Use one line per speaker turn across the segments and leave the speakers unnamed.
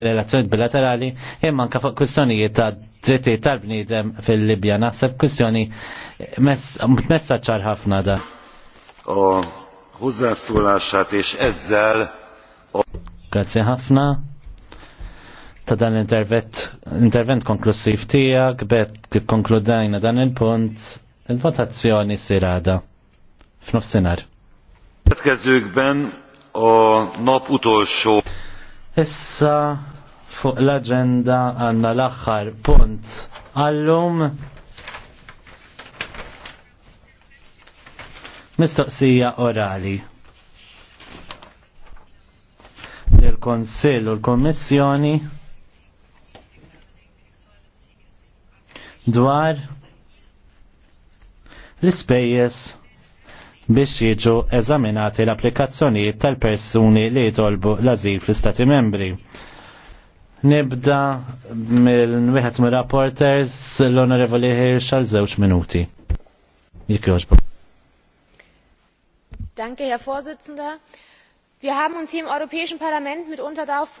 Relazzjonijiet bilaterali imma anka fuq kwistjonijiet ta' dritti tal-bniedem fil-Libja naħseb kwistjoni messaċċar ħafna da.
A hozzászólását és ezzel a...
Grazie ħafna ta' dan l-intervent intervent konklusiv tijak bet konkludajna dan il-punt il-votazzjoni sirada f'nofsinar.
ben o nop utolsó
Issa fuq l-agenda għanna l-axħar punt għallum mistoqsija orali l-Konsil u l-Kommissjoni dwar l-ispejjeż biex jiġu eżaminati l-applikazzjonijiet tal-persuni li jitolbu l-azil fl-Stati membri. Nibda mill-wieħed mir-rapporters l-Onorevoli Hirsch għal żewġ minuti. Jekk jogħġbu.
Danke, Herr Vorsitzender. Wir haben uns hier im Europäischen Parlament mitunter darauf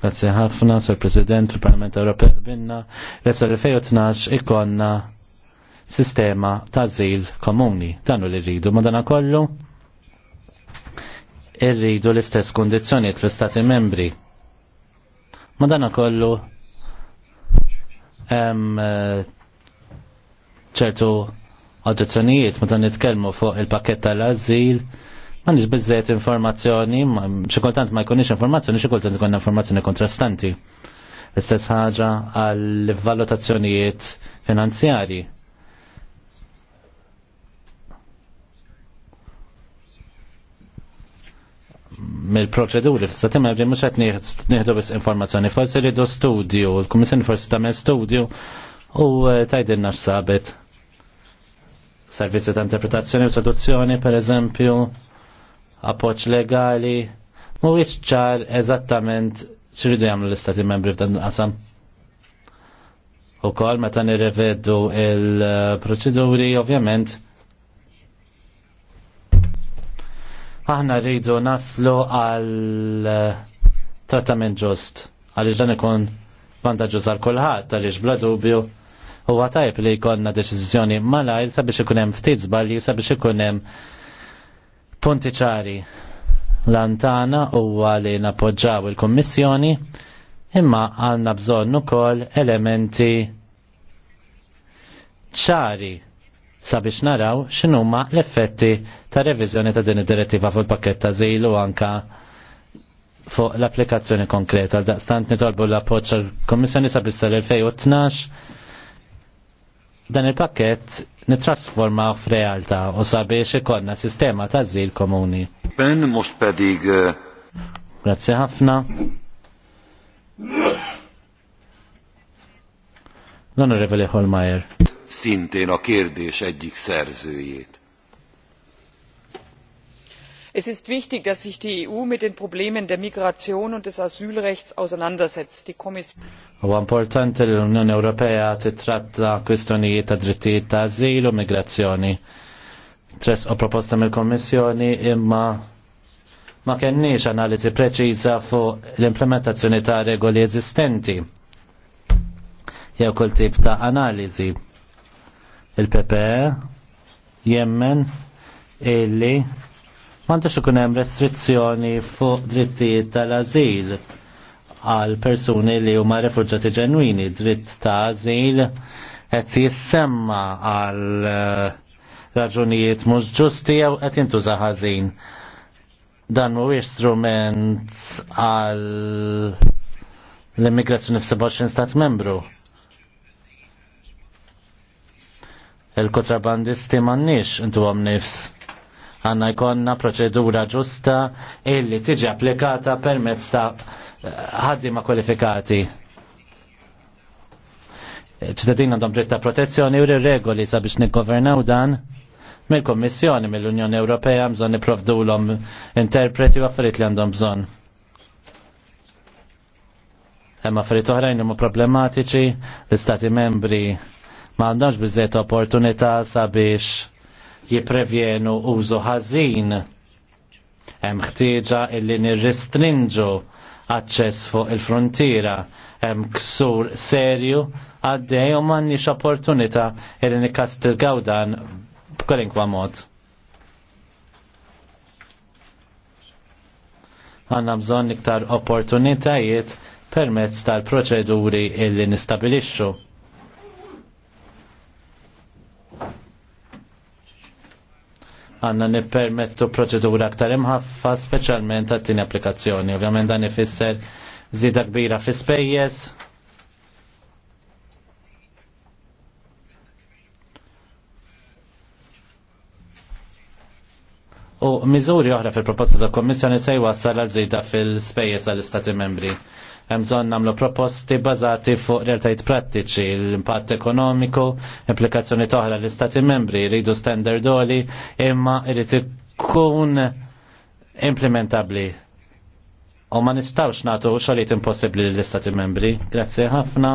Grazie ħafna, Sir President, il-Parlament Ewropew binna l-2012 ikonna sistema ta' zil komuni. Danu li rridu, ma dana kollu irridu l-istess kondizjoniet fl istati membri Ma dana kollu em eh, ċertu oġġezzjonijiet meta nitkellmu fuq il-pakket tal-azil m'għandix biżejjed informazzjoni, xi kultant ma jkunix informazzjoni, xi kultant ikun informazzjoni kontrastanti. L-istess ħaġa għall-valutazzjonijiet finanzjarji mill-proċeduri f'stati membri mhux qed nieħdu biss informazzjoni, forsi rridu studju, l-Kummissjoni forsi tagħmel studju u eh, tgħidilna x'sabet. Servizzi ta' interpretazzjoni u traduzzjoni, per eżempju, appoġġ legali, mhuwiex ċar eżattament x'iridu jagħmlu l-istati membri f'dan qasam. U kol meta nirrevedu il-proċeduri, ovvjament, Aħna rridu naslu għal eh, trattament ġust għaliex dan ikun vantaġġuż għal kulħadd għaliex bla dubju huwa tajb li jkollna deċiżjoni malajr sabiex ikun hemm ftit żbalji sabiex ikun hemm punti ċari lantana huwa li napoġġaw il kummissjoni imma għandna bżonn ukoll elementi ċari sabiex naraw x'inhuma l-effetti ta' reviżjoni ta' din id-direttiva fuq il-pakket ta' żil u anka fuq l-applikazzjoni konkreta. Daqstant nitolbu l appoġġ għall kommissjoni sabis sal-2012 dan il-pakket nitrasforma f'realtà u sabiex ikonna sistema ta' żil komuni.
Ben most pedig. Eh,
Grazie ħafna. L-Onorevoli Holmajer
szintén a kérdés egyik szerzőjét. Es ist wichtig, dass sich die EU mit den Problemen der Migration und des Asylrechts auseinandersetzt. Die Kommission
Huwa importanti li l-Unjoni Ewropea titratta kwistjonijiet ta' drittijiet ta' azil u migrazzjoni. Tres u proposta mill-Kommissjoni imma ma kenniex analiżi preċiża fuq l-implementazzjoni ta' regoli eżistenti jew kull tip ta' analiżi il-PPE jemmen illi m'għandux ikun hemm restrizzjoni fuq drittijiet tal-azil għal persuni li huma refuġġati ġenwini, dritt ta' azil qed jissemma għal eh, raġunijiet mhux ġusti jew qed jintuża ħażin. Dan mhuwiex strument għal l-immigrazzjoni f'27 stat membru il-kontrabandisti mannix intu għam nifs. Għanna jkonna proċedura ġusta illi tiġi applikata permezz ta' ħaddima kwalifikati. ċittadin għandhom dritta protezzjoni u regoli sabiex nikgovernaw dan mill-Kommissjoni mill-Unjoni Ewropea bżonn om interpreti u affarijiet li għandhom bżonn. Hemm affarijiet oħrajn huma problematiċi l-Stati membri ma għandhomx bizzet opportunità sabiex jiprevjenu użu ħażin. Hemm ħtieġa illi nirrestrinġu aċċess fuq il-frontiera, hemm ksur serju għaddej u m'għandniex opportunità illi nikkastilgaw dan b'kolinkwa mod. għanna bżonn iktar opportunitajiet permezz tal-proċeduri illi nistabilixxu. għanna nippermettu proċedura aktar imħaffa speċjalment għat-tieni applikazzjoni. Ovvjament dan ifisser zida kbira fi spejjeż. U miżuri oħra fil-proposta tal-Kommissjoni se jwassal għal żieda fil-spejjeż għall-Istati membri. Hemm bżonn nagħmlu proposti bażati fuq realtajt prattiċi, l-impatt ekonomiku, implikazzjoni toħra l-Istati membri, jridu standardoli, imma jrid ikun implementabbli. U ma nistawx nagħtu xogħlijiet impossibbli lill-Istati membri. Grazzi ħafna.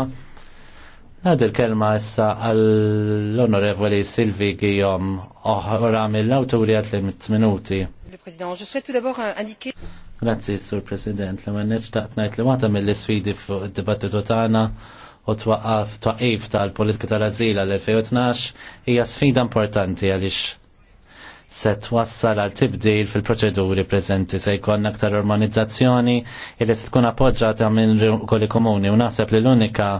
Għad il-kelma issa għall-onorevoli Silvi Gijom oħra mill-awturi għat li minuti.
Le je souhaite tout d'abord indiquer
Grazzi, Sur President, li ma neċtaqt najt li wata mill-sfidi fuq id-dibattitu tagħna u twaqqaf twaqif tal-politika tal-azil għal-2012 hija sfida importanti għaliex se twassal għal tibdil fil-proċeduri preżenti se jkun aktar urbanizzazzjoni illi se tkun appoġġata minn kolli komuni u naħseb li l-unika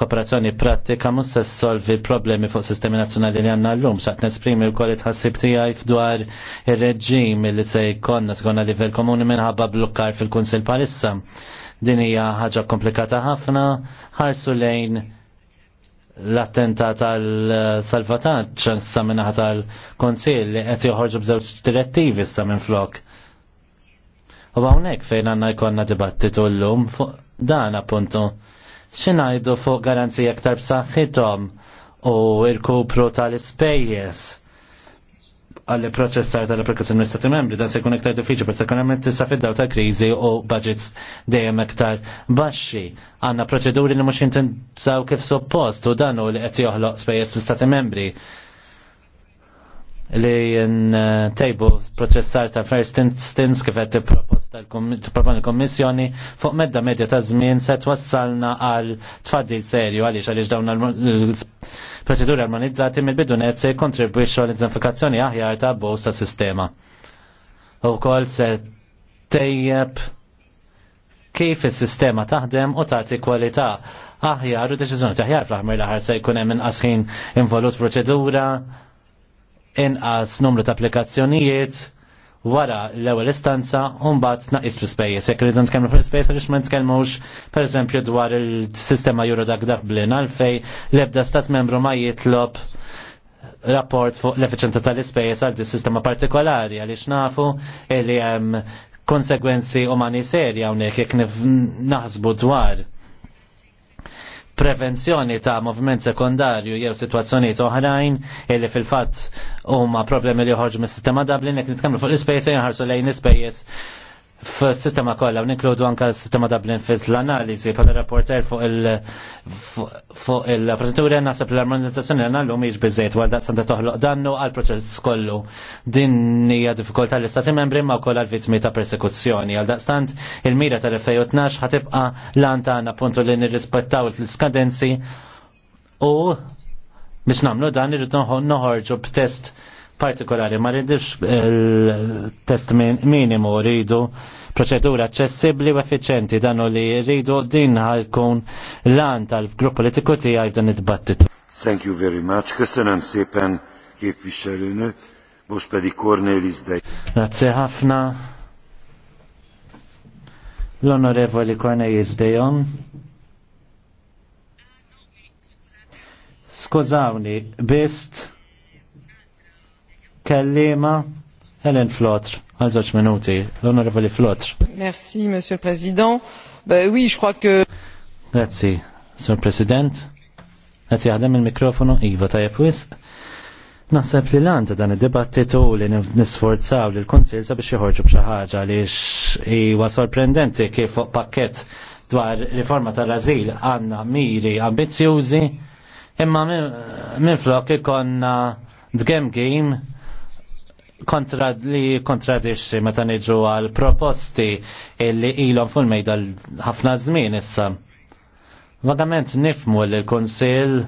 kooperazzjoni pratika mhux se solvi problemi fuq sistemi nazzjonali li għandna llum Saqt nesprimi wkoll tħassib tiegħi fdwar ir-reġim li se jkollna skonna livell komuni minħabba blukkar fil-Kunsill bħalissa. Din hija ħaġa komplikata ħafna, ħarsu lejn l-attentat tal-salvataċ sa minnaħa tal kunsil li għet joħorġu bżewġ direttivi sa minn flok. U għawnek fejn għanna jkonna dibattitu l-lum fuq dan appuntu xinajdu fuq garanzija aktar b'saħħithom u irkupru tal-ispejjeż għalli proċessar tal-applikazzjoni mill stati membri, dan se jkun aktar diffiċli, partikolarment tista' fid-daw ta' kriżi u budgets dejjem aktar baxxi. Għandna proċeduri li mhux jintinsaw kif suppost u dan u li qed joħloq spejjeż fl-Stati membri li uh, tejbu proċessar ta' first instance kif qed proposta l kommissjoni fuq medda medja ta' żmien se twassalna għal tfaddil serju għaliex għaliex dawn l-proċeduri armonizzati mill-bidu net se jkontribwixxu għal identifikazzjoni aħjar ta' abbuż ta' sistema. Ukoll se tejjeb kif is-sistema taħdem u tagħti kwalità aħjar u deċiżjoni taħjar fl-aħmir l-aħħar se jkun hemm inqas ħin involut proċedura inqas numru ta' applikazzjonijiet wara l-ewwel istanza u mbagħad tnaqqis fl-ispejjeż. Jekk rridu nitkellmu fl-ispejjeż għaliex ma nitkellmux pereżempju dwar il-sistema Euro dak blin għalfej l-ebda stat membru ma jitlob rapport fuq l-efficienza tal-ispejjeż għal sistema partikolari għaliex nafu li hemm konsegwenzi umani serja hawnhekk jekk naħsbu dwar prevenzjoni ta' moviment sekundarju jew situazzjonijiet oħrajn illi fil-fatt huma problemi li joħorġu mis-sistema Dublin jekk nitkellmu fuq l-ispejjeż jew lejn l-ispejjeż f-sistema kolla, u ninkludu anka s-sistema Dublin fis l-analizi l rapporter fuq il- fuq il sepp l-armonizzazzjoni għanna l-lum iġ bizzejt għal daqsan toħloq dannu għal proċess kollu. Din hija diffikultà l-istati membri ma kolla l-vittmi ta' persekuzzjoni. Għal daqstant il-mira tal-2012 ħatibqa l-anta għanna puntu li nirrispettaw l-skadenzi u biex namlu dan irridu noħorġu b'test partikolari ma rridux il-test eh, minimu rridu proċedura aċċessibbli u effiċenti dan li rridu din l-an tal-grupp politiku għaj dan id-dibattitu.
Thank you very much. Köszönöm szépen képviselőnő. Most pedig Cornelis Dej.
Grazie ħafna. L-onorevoli Cornelis Dejom. Skużawni, bist kellima Helen Flotr, għal żewġ minuti, l-Onorevoli Flotr.
Merci, Monsieur le Président. Ben, oui, je crois
que... Grazie, Sur President. Għet għadem il-mikrofonu, Iva Tajapwis. wisq. Naħseb li l ta' dan id-dibattitu li nisforzaw li l-Konsil sabiex jħorġu b'xi ħaġa li huwa sorprendenti kif fuq pakket dwar riforma tal-azil għandna miri ambizzjużi imma minn flok ikonna dgem game kontra li kontradixxi meta niġu għal proposti li ilhom il mejda ħafna żmien issa. Vagament nifmu li l-Kunsill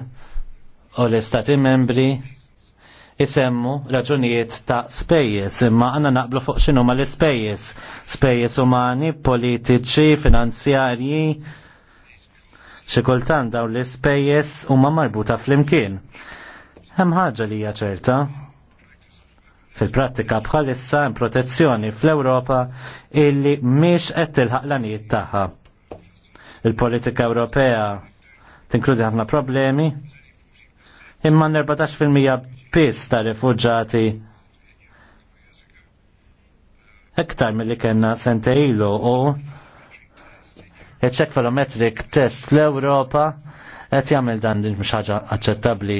u l-Istati membri jisemmu raġunijiet ta' spejjes, imma għanna naqblu fuq xinu ma' l-spejjes, spejjes umani, politiċi, finanzjarji, xikultan daw l-spejjes u ma' marbuta fl-imkien. Hemm ħaġa li hija ċerta, Fil-prattika bħalissa hemm protezzjoni fl-Ewropa illi mhix qed tilħaq l-anijiet tagħha. Il-politika Ewropea tinkludi ħafna problemi, imma 14% biss ta' rifuġati iktar mill-li kena sentejlu u il-ċek test fl-Europa qed jagħmel dan din mxħaġa ħaġa aċċettabbli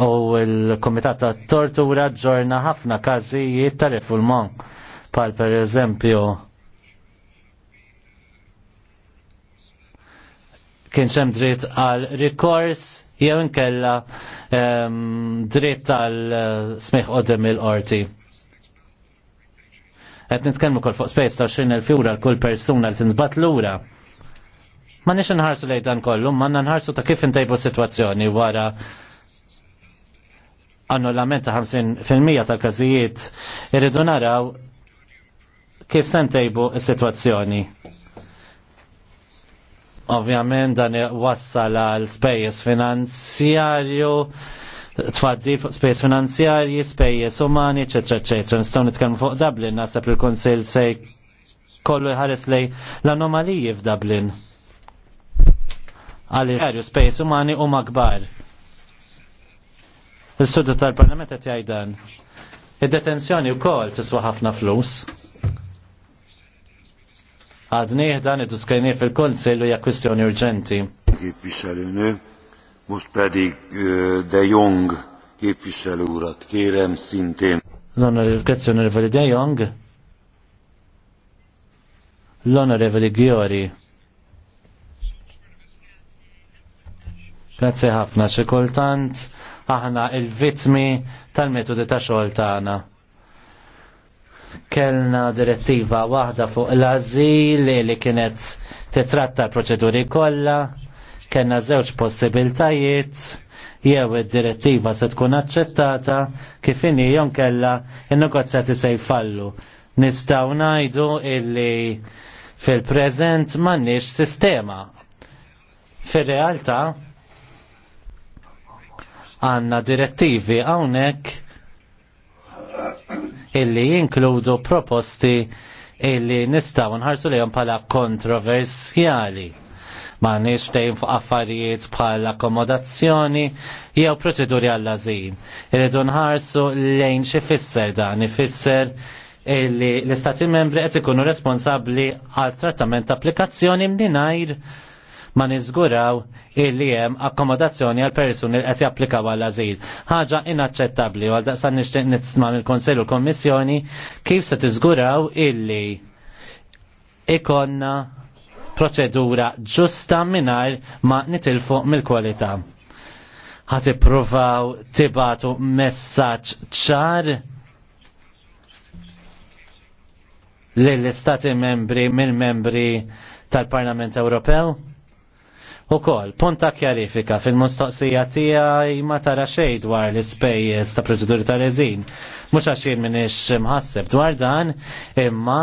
u l-Komitat ta' Tortura ġorna ħafna każijiet ta' refulmon pal per eżempju kien xem dritt għal rikors jew inkella dritt għal eh, smiħ qodem il-qorti. Qed nitkellmu kol fuq space ta' il fjura l-kull persuna li tinbat lura. Ma nix nħarsu lejn kollu, ma nħarsu ta' kif intajbu situazzjoni wara annullament ta' 50% tal-każijiet irridu naraw kif sentejbu s-situazzjoni. Ovvjament dan wassal għal spejjeż finanzjarju, tfaddi spejjes finanzjarji, spejjes umani, eċetera, eċetera. Nistgħu nitkellmu fuq Dublin, naħseb il-Kunsill se kollu jħares lej l-anomaliji f'Dublin. Għal-ħarju spejjeż umani huma kbar. Il-sudu tal-parlament għet jajdan. Id-detenzjoni u kol tiswa ħafna flus. Għadni dan id fil-konsil u hija kwistjoni urġenti.
Képviselőnő, mux pedig De Jong képviselő urat kérem szintén.
L-onorevoli Rivali De Jong, l-onorevoli Giori. Grazie ħafna, xe kultant aħna il-vittmi tal-metodi ta' xogħol tagħna. Kellna direttiva waħda fuq l-azil li kienet titratta l-proċeduri kollha, kellna żewġ possibiltajiet jew id-direttiva se tkun aċċettata kif inhi jon kellha in-negozjati se jfallu. Nistgħu ngħidu illi fil-preżent m'għandniex sistema. Fir-realtà għanna direttivi għawnek illi jinkludu proposti illi nistaw nħarsu li pala kontroversjali. Ma nix tejn fuq affarijiet bħal akkomodazzjoni jew proċeduri għall-azin. Irridu nħarsu lejn xi fisser dan, ifisser illi l-istati membri qed ikunu responsabbli għal trattament applikazzjoni mingħajr ma niżguraw illi hemm akkomodazzjoni għal persuni li qed japplikaw għal ażil. Ħaġa inaċċettabbli għal daqsan nixtieq nisma' mill konsell u Kommissjoni kif se tiżguraw illi ikonna proċedura ġusta mingħajr ma nitilfu mill-kwalità. Ħat ippruvaw tibatu messaġġ ċar lill-istati membri mill-membri tal-Parlament Ewropew? U kol, punta kjarifika fil-mustoqsija tijaj ma tara xej dwar l-ispejjeż ta' proċeduri ta' reżin. Mux għaxin minix mħasseb dwar dan, imma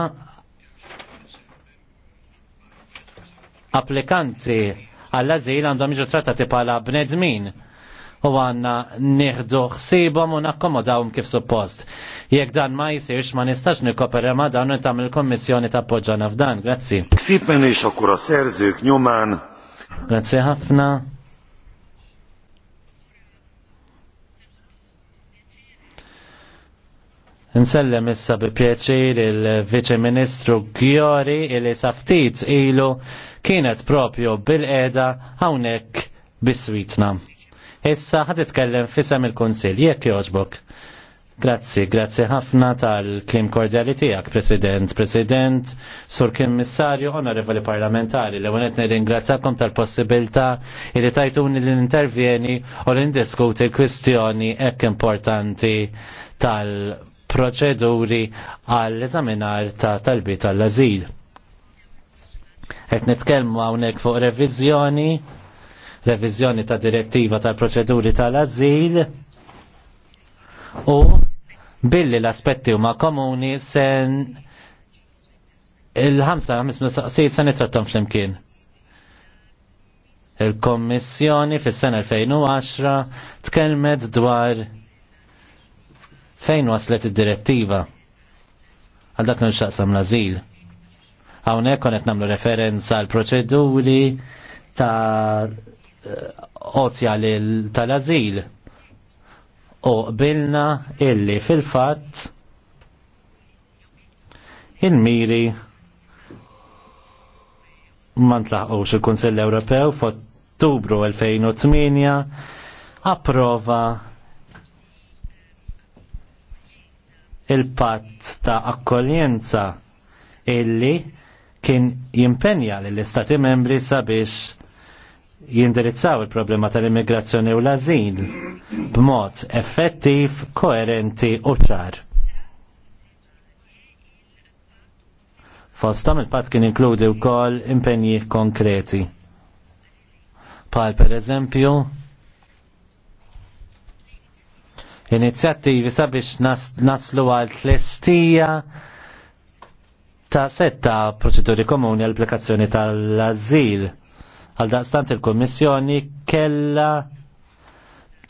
applikanti għall-azil għandhom jiġu trattati bħala bnedmin u għanna nieħdu ħsibhom u nakkomodawhom kif suppost. Jekk dan ma jsirx ma nistax nikkopera ma dan u tagħmel il-Kommissjoni tappoġġana f'dan. Grazzi.
Ksib minn is akkor a
Grazzi ħafna. Nsellem issa bi pjaċir il vice Ministru Gjori li saftit ilu kienet propju bil-qeda hawnhekk biswitna. Issa ħad titkellem fisem il-Kunsill jekk jogħġbok. Grazzi, grazzi ħafna tal-klim kordjali tijak, President, President, Sur Kimmissarju Onorevoli Parlamentari, li għonet nir-ingrazzakom tal-possibilta li tajtuni l-intervjeni u l-indiskuti kwistjoni ek importanti tal-proċeduri għall-eżaminar ta' talbi tal-azil. Et nitkellmu hawnhekk fuq revizjoni, revizjoni ta' direttiva tal-proċeduri tal-azil u billi l-aspetti huma komuni sen il-ħamsa ħamis mistaqsijiet se nitrattom flimkien. Il-Kommissjoni fis-sena 2010 tkellmet dwar fejn waslet id-direttiva għal dak nxaqsam l-azil. Hawnhekk konet nagħmlu referenza għal proċeduri ta' eh, ozja tal-azil u qbilna illi fil-fatt il-miri ma tlaħqux il-Kunsill Ewropew f'Ottubru 2008 approva il-patt ta' akkoljenza illi kien jimpenja lill istati membri sabiex jindirizzaw il-problema tal-immigrazzjoni u l-azil b'mod effettiv, koerenti u ċar. Fostom il-pat kien inkludi wkoll impenji konkreti. Pal per eżempju, inizjattivi sabiex nas naslu għal tlestija ta' setta proċeduri komuni għall-applikazzjoni tal-azil Għal daqstant il-Kommissjoni kella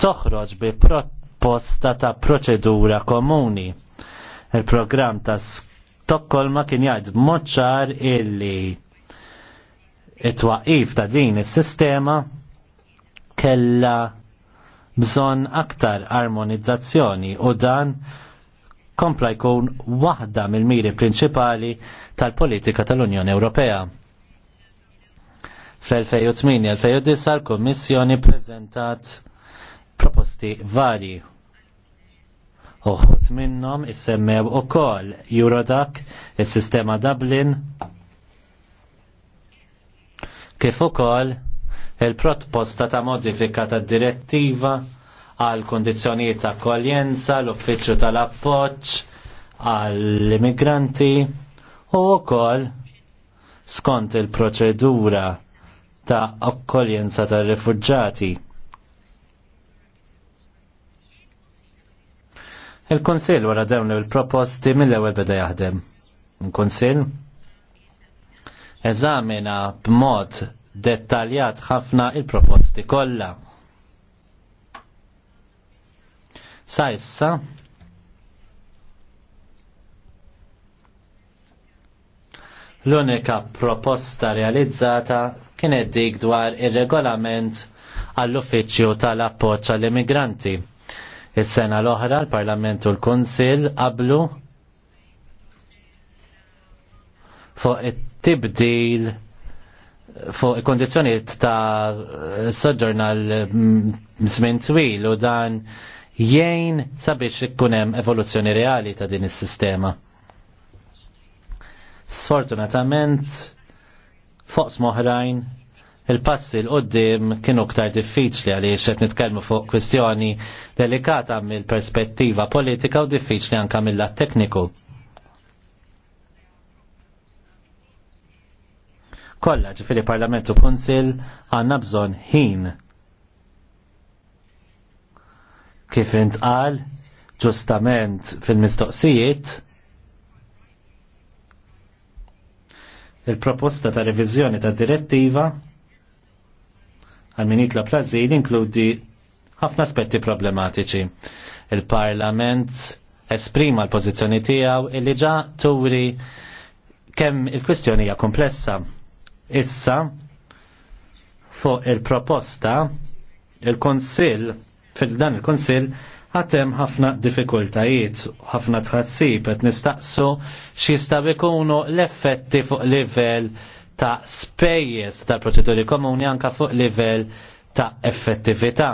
toħroġ bi proposta ta' proċedura komuni. Il-programm ta' Stokkolma kien jgħid moċċar illi it-twaqif ta' din is-sistema kella bżon aktar armonizzazzjoni u dan kompla jkun waħda mill-miri prinċipali tal-politika tal-Unjoni Ewropea. Fl-2008-2009 l komissjoni prezentat proposti vari. Uħut minnom issemmew u kol Eurodac, il-sistema Dublin, kif ukoll il-proposta ta' modifika ta' direttiva għal kondizjonijiet ta' koljenza, l-uffiċċju tal-appoġġ għall immigranti u wkoll skont il-proċedura ta' akkoljenza ta' rifugġati. Il-Konsil wara dawn il-proposti mill-ewwel beda jaħdem. Il-Konsil eżamina b'mod dettaljat ħafna il-proposti kollha. Sa issa l-unika proposta realizzata kienet dik dwar ir-regolament għall-uffiċċju tal-appoġġ għall-immigranti. Is-sena l-oħra l-Parlament u l-Kunsill qablu fuq it-tibdil fuq il kondizjoniet ta' soġġorna l-żmien twil u dan jgħin sabiex ikun hemm evoluzzjoni reali ta' din is-sistema. Sfortunatament Fuq smoħrajn, il-passi l-qoddim kienu ktar diffiċli għaliex qed nitkellmu fuq kwistjoni delikata mill-perspettiva politika u diffiċli anka mill tekniku. Kolla ġifiri Parlament u għanna għandna bżonn ħin. Kif intqal, ġustament fil-mistoqsijiet, Il-proposta ta' revizjoni ta' direttiva għal la' plazil inkludi ħafna aspetti problematiċi. Il-Parlament esprima l-pozizjoni tiegħu illi ġa turi kemm il-kwistjoni hija komplessa. Issa fuq il-proposta il konsil fil-dan il konsil għatem ħafna diffikultajiet, ħafna tħassib, et nistaqsu xista bikunu l-effetti fuq livell ta' spejjes ta' proċeduri komuni anka fuq livell ta' effettività.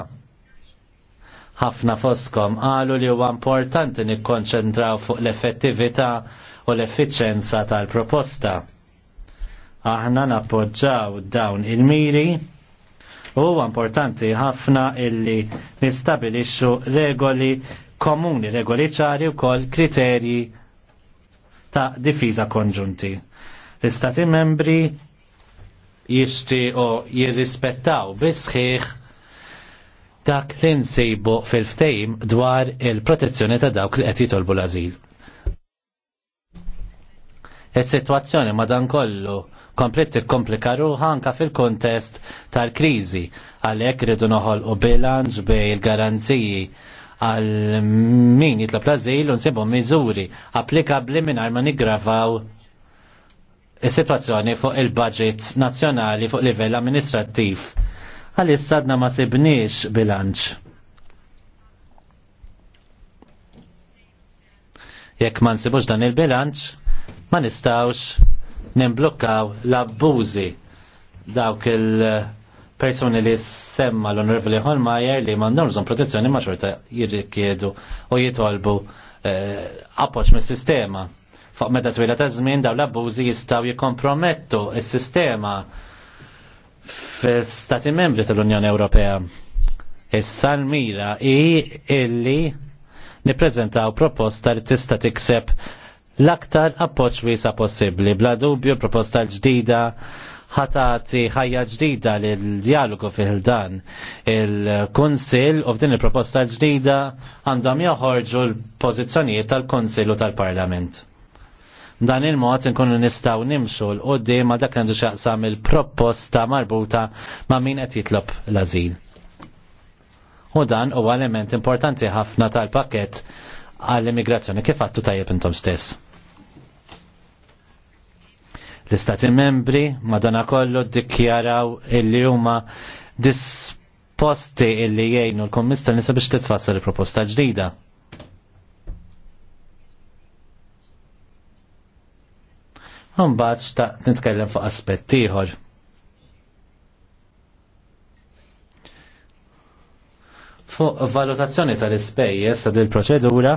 Ħafna foskom għalu li huwa importanti nikkonċentraw fuq l-effettività u l-effiċenza tal-proposta. Aħna nappoġġaw dawn il-miri Huwa importanti ħafna illi nistabilixxu regoli komuni, regoli ċari wkoll kriterji ta' difiża konġunti. L-Istati membri jixtiequ jirrispettaw bisħiħ dak li nsibu fil-ftejm dwar il-protezzjoni ta' dawk li qed jitolbu l-azil. Is-sitwazzjoni madankollu komplet tikkomplika ruħa anka fil-kontest tal-kriżi għalhekk ridu noħolqu bilanċ bej il-garanziji għal min jitlob l-azil u nsibu miżuri applikabli mingħajr ma niggravaw is-sitwazzjoni fuq il-budget nazzjonali fuq livell amministrattiv. Għalissa għadna ma sibniex bilanċ. Jekk ma nsibux dan il-bilanċ, ma nistawx nimblokkaw l-abbużi dawk il-personi li semma l-Onorevoli Holmajer li mandom bżon protezzjoni ma' xorta jirrikjedu u jitolbu eh, appoċ mis sistema Fuq meta twila ta' żmien daw l-abbużi jistgħu jikkompromettu s-sistema fl-Stati membri tal-Unjoni Ewropea. Issa l-mira hi illi nippreżentaw proposta li tista' tikseb l-aktar appoċ wisa possibli. Bla dubju proposta l-ġdida ħatati ħajja ġdida l-dialogu fil-dan. Il-Kunsil u f'din il-proposta ġdida għandhom joħorġu l-pozizjonijiet tal-Kunsil u tal-Parlament. Dan il-mod nkunu nistaw nimxu l-qoddim ma dak għandu xaqsam il-proposta marbuta ma' min qed jitlob l-azil. U dan huwa element importanti ħafna tal-pakket għall-immigrazzjoni kif għattu tajjeb intom stess. L-Istati membri madanakollu dikjaraw illi huma disposti illi jgħinu l-Kommissjoni biex titfassal proposta ġdida. Mbagħad xta nitkellem fuq aspett ieħor. Fuq valutazzjoni tal-ispejjeż ta' din proċedura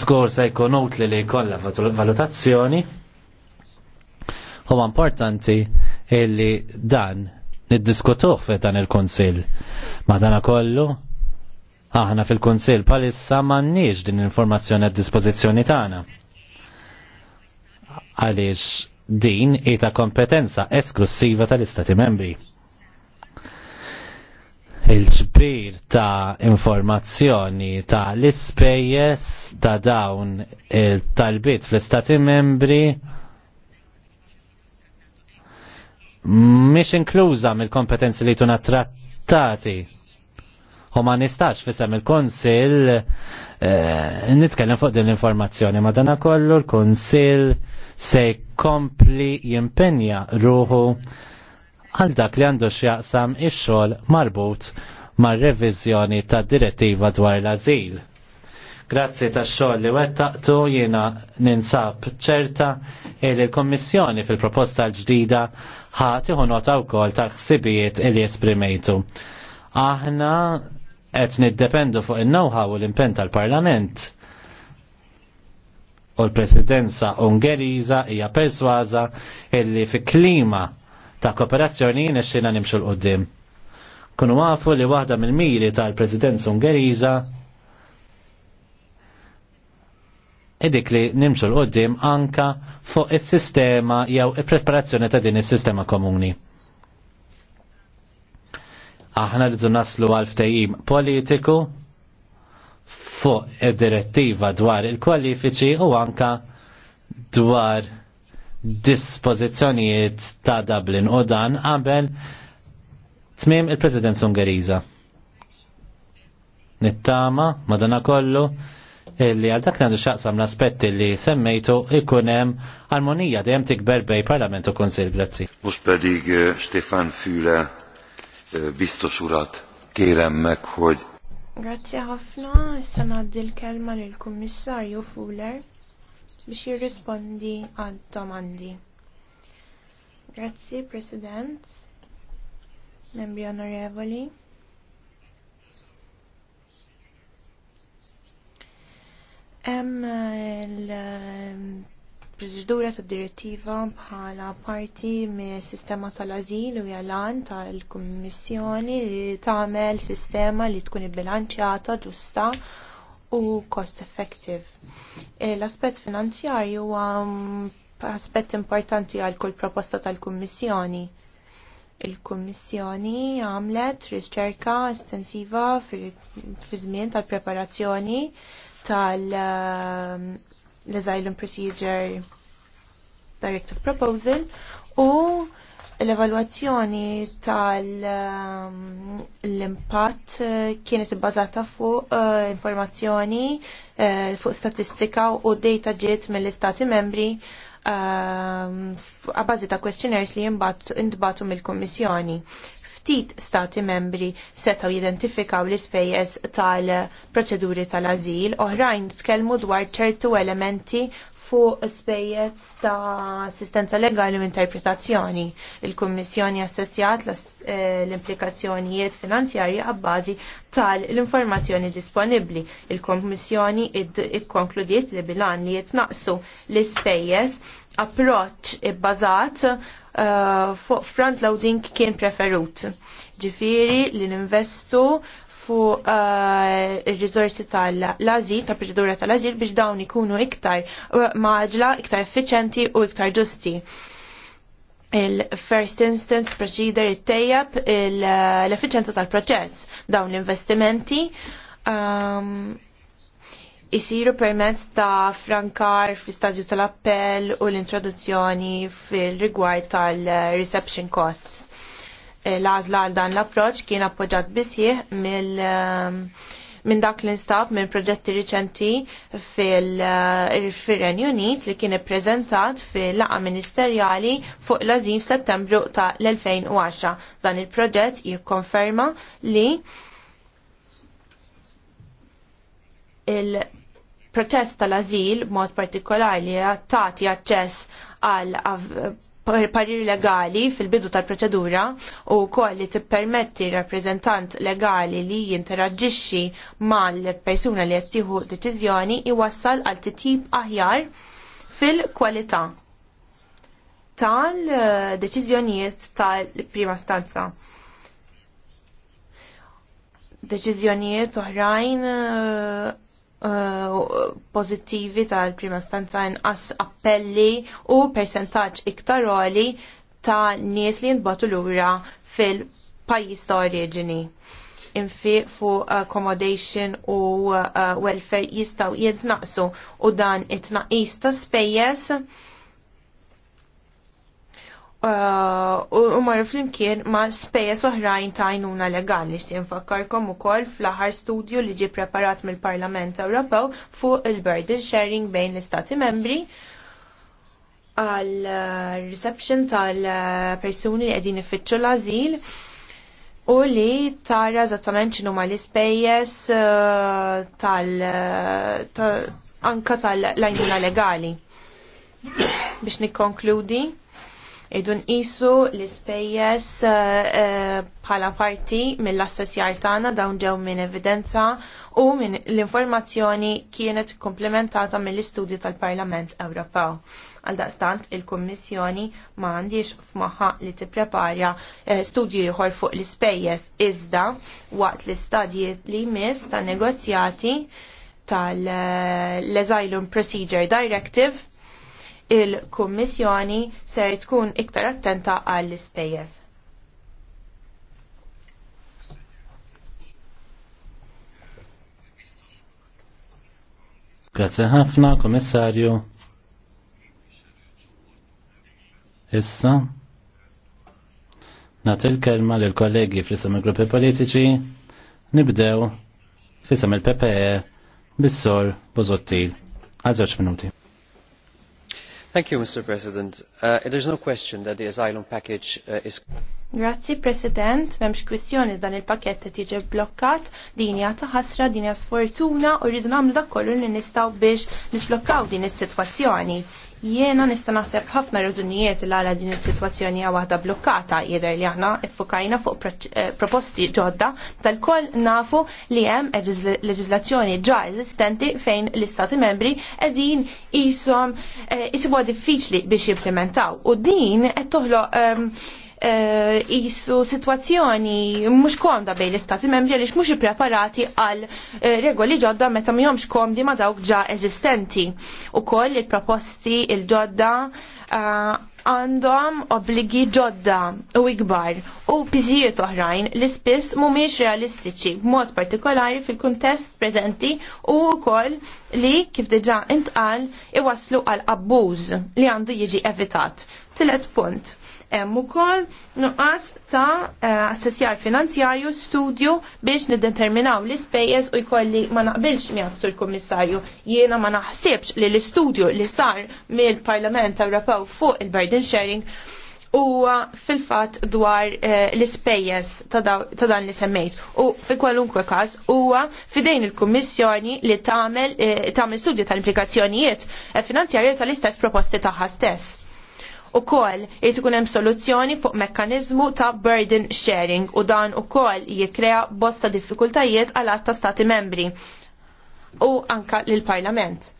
Zgur se jkun li li jkollha valutazzjoni Huwa importanti illi dan niddiskutuh fi dan il-Kunsill. dana kollu, aħna fil-Kunsill palissa m'għandniex din l-informazzjoni għad dispożizzjoni tagħna. Għaliex din i ta' kompetenza esklusiva tal-Istati membri. Il-ġbir ta' informazzjoni ta' l-ispejjes ta' dawn il-talbit fl-Istati membri mhix inkluża mill-kompetenzi li tuna trattati. U ma nistax fisem il-Konsil eh, nitkellem fuq din l-informazzjoni, ma dana kollu l-Konsil se kompli jimpenja ruħu għal dak li għandu xjaqsam ix-xogħol marbut mar-reviżjoni tad-direttiva dwar l-azil Grazzi ta' xogħol li wettaqtu jiena ninsab ċerta e li l-Kommissjoni fil-proposta l-ġdida ħati nota wkoll ta' ħsibijiet li esprimejtu. Aħna qed niddependu fuq in-know-how u l-impenn tal-Parlament u l-presidenza Ungeriża hija persważa illi fi klima ta' kooperazzjoni xina nimxu l-qoddim. Kunu għafu li waħda mill-miri tal-presidenza Ungeriża Edik li nimxu l-qoddim anka fuq is-sistema jew il-preparazzjoni ta' din is-sistema komuni. Aħna rridu naslu għal ftehim politiku fuq id-direttiva dwar il-kwalifiċi u anka dwar dispożizzjonijiet ta' Dublin u dan qabel tmiem il-Presidenza Ungeriża. Nittama, madana kollu, li għal dak nandu xaqsam l-aspetti li semmejtu ikunem armonija dejjem tikber bej Parlament u Konsil. Grazzi.
Most pedig eh, Stefan Füle eh, biztos urat kérem meg, hogy
Grazzi ħafna, issa ngħaddi l-kelma lill-Kummissarju Fuller biex jirrispondi għad domandi. Grazzi, President, membri onorevoli. Hemm il-proċedura eh, tad direttiva bħala parti mis sistema tal-azil u jalan tal-Kummissjoni li tagħmel sistema li tkun ibbilanċjata, ġusta u cost effective. E, l-aspett finanzjarju huwa mm, aspett importanti għal kull proposta tal-Kummissjoni il-Kummissjoni għamlet riċerka estensiva fi żmien tal-preparazzjoni tal-Asylum um, Procedure Directive Proposal u l-evalwazzjoni tal-impatt um, uh, kienet ibbażata fuq uh, informazzjoni uh, fuq statistika u data ġiet mill-istati membri um, għabazi ta' questionnaires li jimbat intbatu mill-Kommissjoni ftit stati membri setgħu jidentifikaw l-ispejjeż tal-proċeduri tal-azil, oħrajn tkellmu dwar ċertu elementi fuq spejjeż ta' assistenza legali u interpretazzjoni. Il-Kummissjoni assessjat eh, l-implikazzjonijiet finanzjarji għabbażi tal-informazzjoni disponibbli. Il-Kummissjoni kkonkludiet li bilan li jitnaqsu l-ispejjeż approċċ ibbażat uh, front loading kien preferut. Ġifiri li ninvestu fuq uh, il-rizorsi tal-azil, tal-proċedura tal-azil biex dawn ikunu iktar uh, maġla, iktar efficienti u iktar ġusti il-first instance procedure it tejab l efficienza tal-proċess dawn l-investimenti um, isiru permezz ta' frankar fi stadju tal-appell u l-introduzzjoni fil-rigward tal-reception costs. Eh, l għażla għal dan l-approċ kien appoġġat bisħieħ mill eh, minn dak l-instab minn proġetti riċenti eh, fil-Renju Unit li kien ippreżentat fil-laqa ministerjali fuq l-azim settembru ta' l-2010. Dan il-proġett jikkonferma li il- Protest tal-azil b'mod partikolari tagħti aċċess għal parir legali fil-bidu tal-proċedura u koll li tippermetti rappresentant legali li jinteraġġixxi mal-persuna li jattieħu deċiżjoni iwassal għal titjib aħjar fil-kwalità tal-deċiżjonijiet tal-prima stanza. Deċiżjonijiet oħrajn Eh, pozittivi tal-prima stanza inqas appelli u percentaġġ iktar għali ta' nies li jintbatu lura fil-pajjiż ta' oriġini. Infiq fuq accommodation u eh, welfare jistgħu jintnaqsu u dan it-tnaqqis ta' spejjeż Uh, u marru flimkien ma spejjeż oħrajn ta' għajnuna legali xti nfakkarkom ukoll fl-aħħar studju li ġie preparat mill-Parlament Ewropew fuq il-burden sharing bejn l-Istati membri għal uh, reception tal-persuni li qegħdin ifittxu l-azil u li tara eżattament x'inhu ma l-ispejjeż uh, tal anka tal lajnuna legali. Biex nikkonkludi, idun nqisu l-ispejjeż eh, eh, bħala parti mill-assessjar tagħna dawn ġew minn evidenza u minn l-informazzjoni kienet komplementata mill-istudju tal-Parlament Ewropew. Għal daqstant il-Kummissjoni ma għandix f'maħħa li tippreparja eh, studju ieħor fuq l-ispejjeż iżda waqt l-istadji li jmiss tan negozjati tal-Asylum Procedure Directive il-Kummissjoni se tkun iktar attenta għall-ispejjeż.
Grazie ħafna, Komissarju. Issa, nat il-kelma l kollegi fl-isem il-gruppi politiċi, nibdew fl-isem il-PPE, bis-sor Bozottil. Għazzoċ minuti. Mr. President. Uh, there is no question that the asylum package uh, is...
Grazzi, President. Memx kwistjoni dan il-pakket qed jiġi blokkat, din hija ta' ħasra, din hija sfortuna u rridu nagħmlu dak kollu li nistgħu biex nixblokkaw din is-sitwazzjoni. Jiena nista' naħseb ħafna raġunijiet l għala din is-sitwazzjoni hija waħda blokkata jidher li aħna ffukajna fuq eh, proposti ġodda tal-koll nafu li hemm leġislazzjoni ġa eżistenti fejn l-istati membri qegħdin ishom eh, isibuha diffiċli biex jimplementaw. U din qed toħloq ehm, jissu eh, situazzjoni mhux komda bejn l-istati membri għaliex mhux ippreparati għal eh, regoli ġodda meta mjom komdi ma dawk ġa eżistenti. koll il-proposti il-ġodda eh, għandhom obbligi ġodda u ikbar u bizijiet oħrajn li spiss mhumiex realistiċi b'mod partikolari fil-kuntest preżenti u wkoll li kif diġà intqal iwaslu għal abbuż li għandu jiġi evitat. Tilet punt. Hemm ukoll nuqqas ta' eh, assessjar finanzjarju studju biex niddeterminaw l-ispejjeż u jkolli ma naqbilx miegħek sur kummissarju. Jiena ma naħsibx li l-istudju li sar mill-Parlament Ewropew fuq il-burden sharing huwa fil-fatt dwar eh, l-ispejjeż ta' dan li semmejt. U fi kwalunkwe każ huwa fidejn il-Kummissjoni li tagħmel eh, tagħmel studju tal-implikazzjonijiet finanzjarju tal-istess proposti tagħha stess ukoll irid ikun hemm soluzzjoni fuq mekkaniżmu ta' burden sharing u dan ukoll jikkrea bosta diffikultajiet għal ta' stati membri u anka lill-Parlament.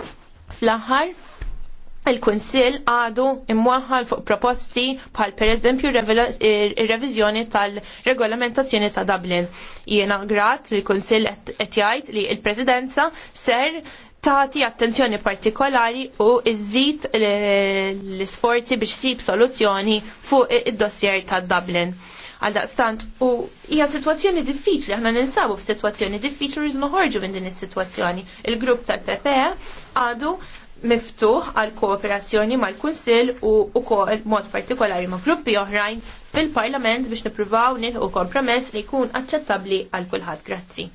Fl-aħħar, il-Kunsill għadu imwaħħal fuq proposti bħal per eżempju ir-reviżjoni tal-regolamentazzjoni ta' Dublin. Jiena grat li l-Kunsill qed jgħid li l-Presidenza ser tati attenzjoni partikolari u iżżid l-isforzi biex sib soluzzjoni fuq id-dossier ta' Dublin. Għaldaqstant, u hija situazzjoni diffiċli, aħna ninsabu f'sitwazzjoni diffiċli rridu noħorġu minn din is-sitwazzjoni. Il-grupp tal-PPE għadu miftuħ għal kooperazzjoni mal-Kunsill u mod partikolari ma' gruppi oħrajn fil-Parlament biex nippruvaw nilħu kompromess li jkun aċċettabbli għal kulħadd. Grazzi.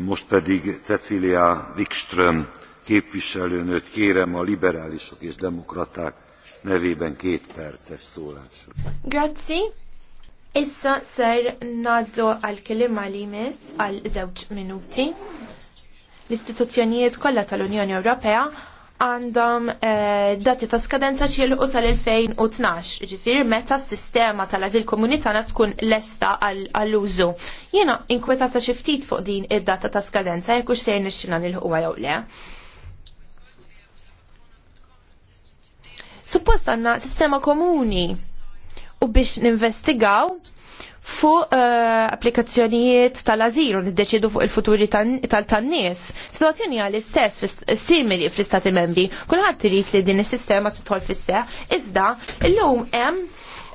Most pedig Cecilia Wikström képviselőnőt kérem a liberálisok és demokraták nevében két perces szólásra.
Grazie. Issa ser naddu għal kelima li jmiss għal żewġ minuti. L-istituzzjonijiet kollha tal-Unjoni Ewropea għandhom eh, dati ta' skadenza u sal-2012, ġifir meta s-sistema tal-azil komunitana tkun lesta għall-użu. Jena inkwetata xiftit fuq din id-data ta' skadenza, ux sejn nisċina nil-ħuwa jew le. Suppost għanna sistema komuni u biex ninvestigaw fuq eh, applikazzjonijiet tal azilu li niddeċidu fuq il-futuri tal-tannis. Situazzjoni għal-istess simili fl-istati membri. Kulħadd irid li din is-sistema tidħol fis-seħ, iżda illum hemm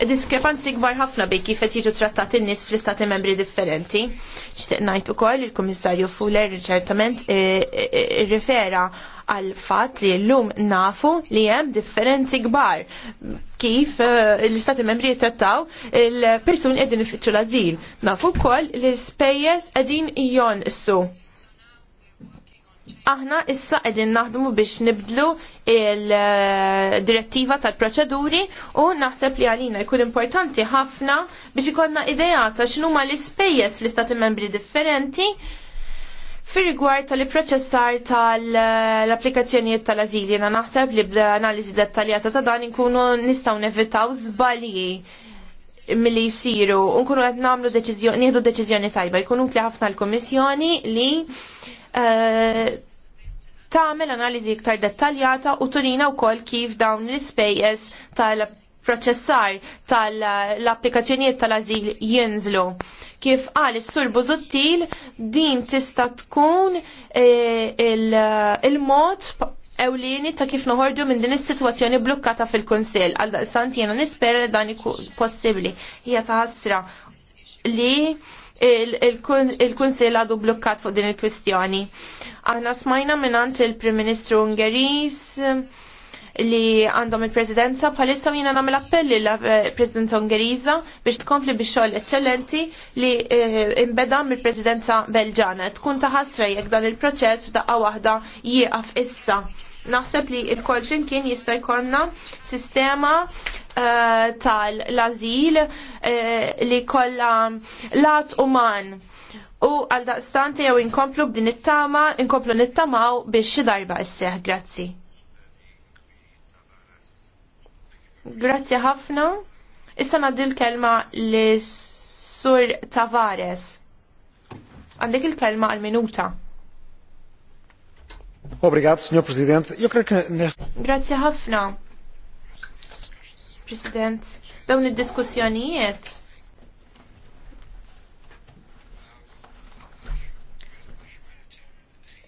diskrepanzi kbar ħafna bej kif qed jiġu trattati n-nies fl-istati membri differenti. Xtieq ngħid ukoll il-Kummissarju Fuller ċertament eh, eh, rifera għal fatt li llum nafu li hemm differenzi kbar kif eh, l-istati membri jittrattaw il-persuni qegħdin ifittxu l-azil. Nafu wkoll li spejjeż qegħdin su aħna issa qegħdin naħdmu biex nibdlu il-direttiva tal-proċeduri u naħseb li għalina jkun importanti ħafna biex ikollna idea ta' x'numa l-ispejjeż fl-istati membri differenti Fir rigward tal-proċessar tal-applikazzjonijiet tal ażil jiena naħseb li bl-analiżi dettaljata ta' dan inkunu nistgħu nevitaw żbalji mill-li jisiru, unkunu għed namlu deċizjoni, nieħdu deċizjoni tajba, jkunu kli ħafna l-Komissjoni li Eh, tagħmel analiżi iktar dettaljata u turina wkoll kif dawn l-ispejjeż tal proċessar tal-applikazzjonijiet tal-azil jinżlu. Kif qal is-sur Buzuttil, din tista' tkun eh, il-mod ewlieni ta' kif noħorġu minn din is-sitwazzjoni blukkata fil-Kunsill. Għal daqsant jiena nispera li dan ikun possibbli. Hija ta' ħasra li il-Kunsill għadu blokkat fuq din il-kwistjoni. Aħna smajna minnant il-Prim Ministru Ungeriż li għandhom il-Presidenza bħalissa jina namel appelli la eh, presidenza Ungeriża biex tkompli biex xogħol eċċellenti li eh, imbeda mill-Presidenza Belġana. Tkun taħasra jekk dan il-proċess f'daqqa waħda jieqaf issa Naħseb li il kolġin kien jista' jkollna sistema eh, tal-azil eh, li kolla lat uman. U għal daqstanti jew inkomplu b'din it-tama, inkomplu nittamaw biex xi darba isseħ. Grazzi. Grazzi ħafna. Issa naddi l-kelma li Sur Tavares. Għandek il-kelma għal-minuta.
Obrigat, signor President. Jo krek
Grazie ħafna, President. Dawn id-diskussjonijiet.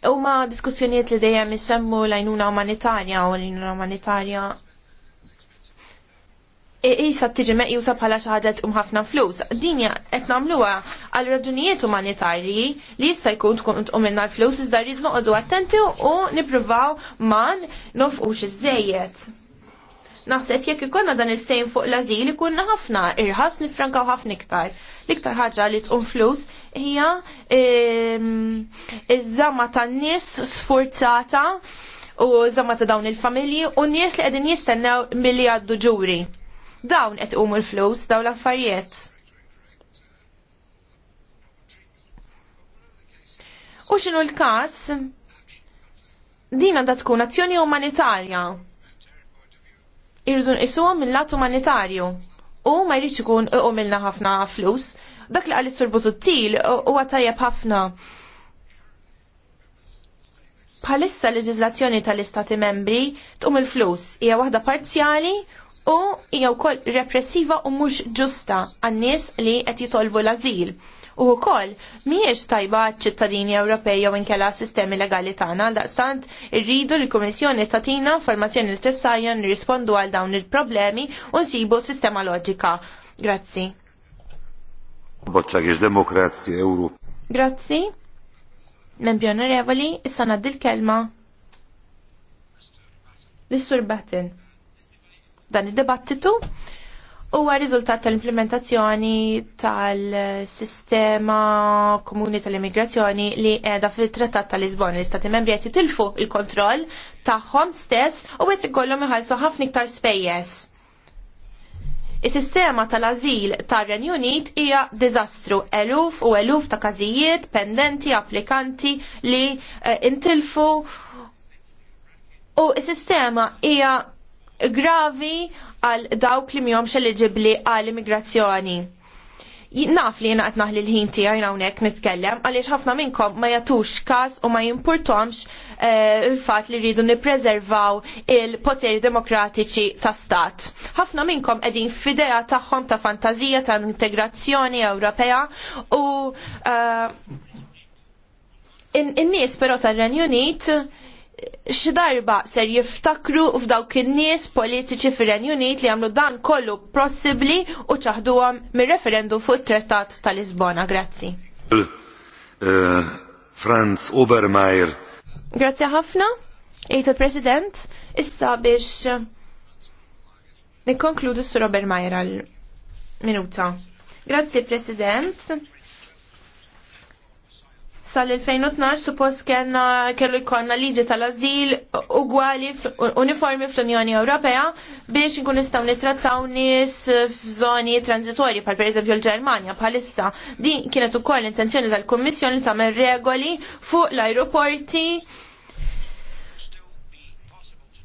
Huma diskussjonijiet li dejjem isemmu l-għajnuna umanitarja u l-għajnuna umanitarja t tiġi meqjusa bħala xi ħaġa ħafna flus. Dinja qed nagħmluha għal raġunijiet umanitarji li jista' jkun tkun tqum l-flus iżda rrid noqogħdu attenti u nippruvaw ma nofqux iżejjed. Naħseb jekk ikonna dan il-ftejn fuq l-azil ikunna ħafna irħas nifrankaw ħafna iktar. L-iktar ħaġa li tqum flus hija ehm, iż-żama tan-nies sfurzata u żamma ta' dawn il-familji u nies li qegħdin jistennew milli għaddu ġuri dawn qed umu l-flus dawn l-affarijiet. U x'inhu l-każ? Din għandha tkun azzjoni umanitarja. Irridu nqisuhom mill-lat umanitarju u ma jridx ikun uqumilna ħafna flus. Dak li qalis is-sur Busuttil huwa tajjeb ħafna. Bħalissa l leġislazzjoni tal-istati membri tqum il-flus hija waħda parzjali u hija wkoll repressiva u mhux ġusta għan-nies li qed jitolbu l-ażil. U wkoll mhijiex tajba ċittadini Ewropej jew inkella sistemi legali tagħna daqstant irridu li l-Kummissjoni tagħtina informazzjoni li tissajja nirrispondu għal dawn il-problemi u nsibu sistema loġika. Grazzi.
Boċċa kiex demokrazija Ewropa.
Grazzi. Membri onorevoli, issa naddi l-kelma. L-Sur Batten dan id-dibattitu huwa riżultat tal-implementazzjoni tal-sistema komuni tal-immigrazzjoni li qiegħda fil trattat tal lisbon li stati membri qed jitilfu il-kontroll tagħhom stess u qed ikollhom iħallsu ħafna iktar spejjeż. Is-sistema tal-azil tar-Renju Unit hija diżastru eluf u eluf ta' każijiet pendenti applikanti li eh, intilfu u s-sistema hija gravi għal dawk li mjomx eligibli għal immigrazzjoni. Naf li jena għatnaħ li l-ħin għajna unek nitkellem, għaliex ħafna minnkom ma jatux kas u ma jimportomx eh, il-fat li rridu niprezervaw il-poteri demokratiċi ta' stat. ħafna minnkom edin fidea taħħom ta' fantazija ta' integrazzjoni Ewropea u eh, in-nies pero tar-Renju Unit xidarba ser jiftakru f'dawk in-nies politiċi fir-Renju Unit li għamlu dan kollu possibbli u ċaħduhom mir-referendum fuq it-Trattat ta' Lisbona. Grazzi.
Eh, Franz Obermeier.
Grazzi ħafna, ejtu president issa biex nikkonkludu s-Sur Obermeier għal minuta. Grazzi President sal-2012 suppost kellna kellu jkollna liġi tal-azil ugwali uniformi fl-Unjoni Ewropea biex nkun nistgħu nitrattaw nies f'żoni transitorji bħal pereżempju l-Ġermanja bħalissa. Din kienet ukoll l-intenzjoni tal-Kummissjoni tagħmel regoli fuq l-ajruporti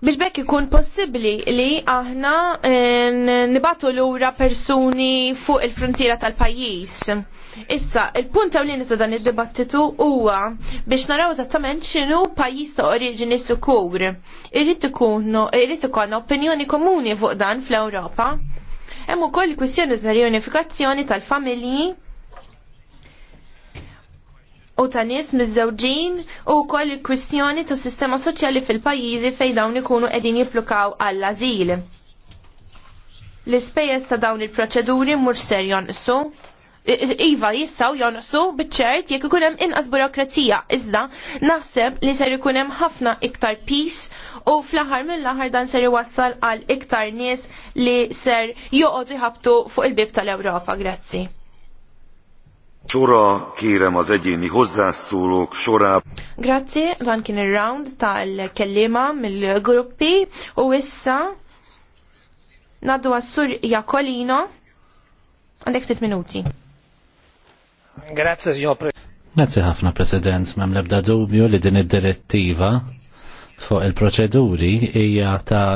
biex bekk ikun possibbli li aħna eh, nibatu lura persuni fuq il-frontiera tal-pajjiż. Issa, il-punt ewlieni ta' dan id-dibattitu huwa biex naraw eżattament x'inhu pajjiż ta' oriġini sukur. Irrit ikun opinjoni komuni fuq dan fl-Ewropa. Hemm ukoll kwistjoni ta' reunifikazzjoni tal-familji u ta' nies miż-żewġin u wkoll il-kwistjoni tas sistema soċjali fil-pajjiżi fejn dawn ikunu qegħdin jipplukaw għall ażil L-ispejjeż ta' dawn il-proċeduri mhux ser jonqsu. Iva jistgħu jonqsu biċ-ċert jekk ikun hemm inqas burokrazija, iżda naħseb li ser ikun hemm ħafna iktar peace u fl-aħħar mill-aħħar dan ser iwassal għal iktar nies li ser joqogħdu jħabtu fuq il-bib tal-Ewropa. Grazzi.
Xura kérem az egyéni hozzászólók sorá.
Grazie, dan kien il-round tal-kellima mill-gruppi u issa naddu għassur Jakolino għandek 3 minuti.
Grazie, signor Presidente. Grazie ħafna, President. Mem lebda dubju li din id-direttiva fuq il-proċeduri hija ta'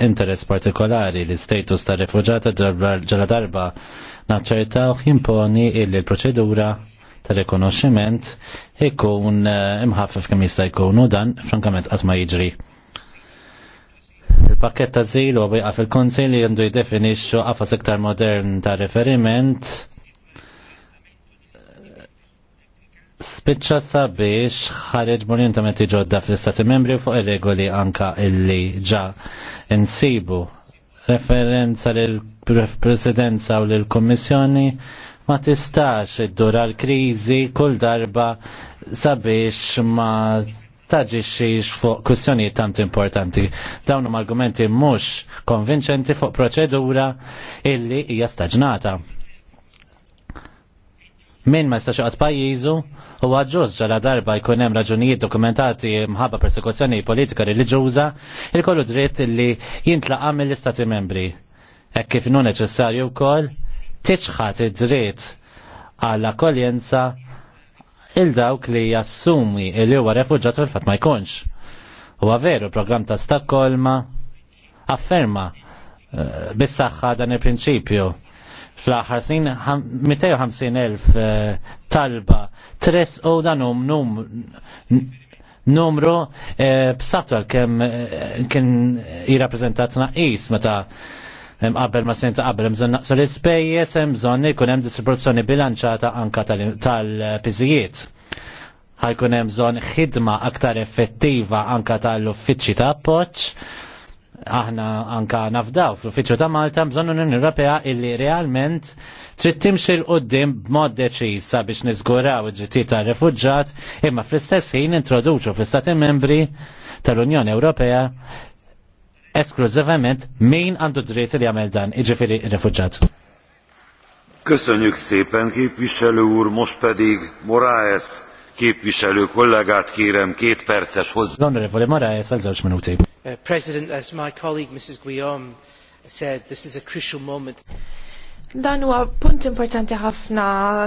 interess partikolari li status ta' refugġata ġala darba naċċerta u jimponi illi l-proċedura ta' rekonoxximent ikun eh, imħafif kemm jista' jkun u dan frankament qatt ma jiġri. Il-pakket ta' żil u għabiqa fil-konsil jendu jiddefinixxu qafas iktar modern ta' referiment spiċċa sabiex ħareġ orientamenti ġodda fl-istati membri fuq ir-regoli anka illi ġa insibu referenza l presidenza u l kommissjoni ma tistax id-dura l kriżi kull darba sabiex ma taġiċiċ fuq kussjoni tant importanti. Dawn huma argumenti mhux konvinċenti fuq proċedura illi hija staġnata. Min ma jistax għad pajizu u għadġuż ġala darba jkun hemm raġunijiet dokumentati mħabba persekuzzjoni politika reliġjuża il kollu dritt li jintlaqa mill-istati membri. Hekk kif nu neċessarju wkoll tiċħat id-dritt għall akkoljenza il dawk li jassumi li huwa refuġġat fil-fatt ma jkunx. Huwa veru programm ta' Stokkolma afferma eh, bis-saħħa dan il-prinċipju fl-aħħar snin 250.000 talba tres u dan num numru b'satwa kemm kien jirrappreżentat naqis meta qabel ma snin ta' qabel bżonn naqsu l-ispejjeż hemm bżonn ikun hemm distribuzzjoni bilanċata anka tal-piżijiet. Ħajkun hemm bżonn ħidma aktar effettiva anka tal-uffiċċji ta' appoġġ aħna anka nafdaw fl-uffiċċju ta' Malta bżonn nirrapea illi realment trid timxi l qoddim b'mod deċiż sabiex niżguraw id-drittijiet tar-refuġġat imma fl-istess ħin introduċu fl-Istati membri tal-Unjoni Ewropea esklużivament min għandu dritt li jagħmel dan, jiġifieri refuġġat.
Köszönjük szépen, képviselő úr, most pedig Moraes képviselő kollégát kérem két perces hozzá.
Honorable Moraes, az minuti.
Uh, President, as my colleague Mrs. Guillaume said, this is a crucial moment. Dan huwa punt importanti ħafna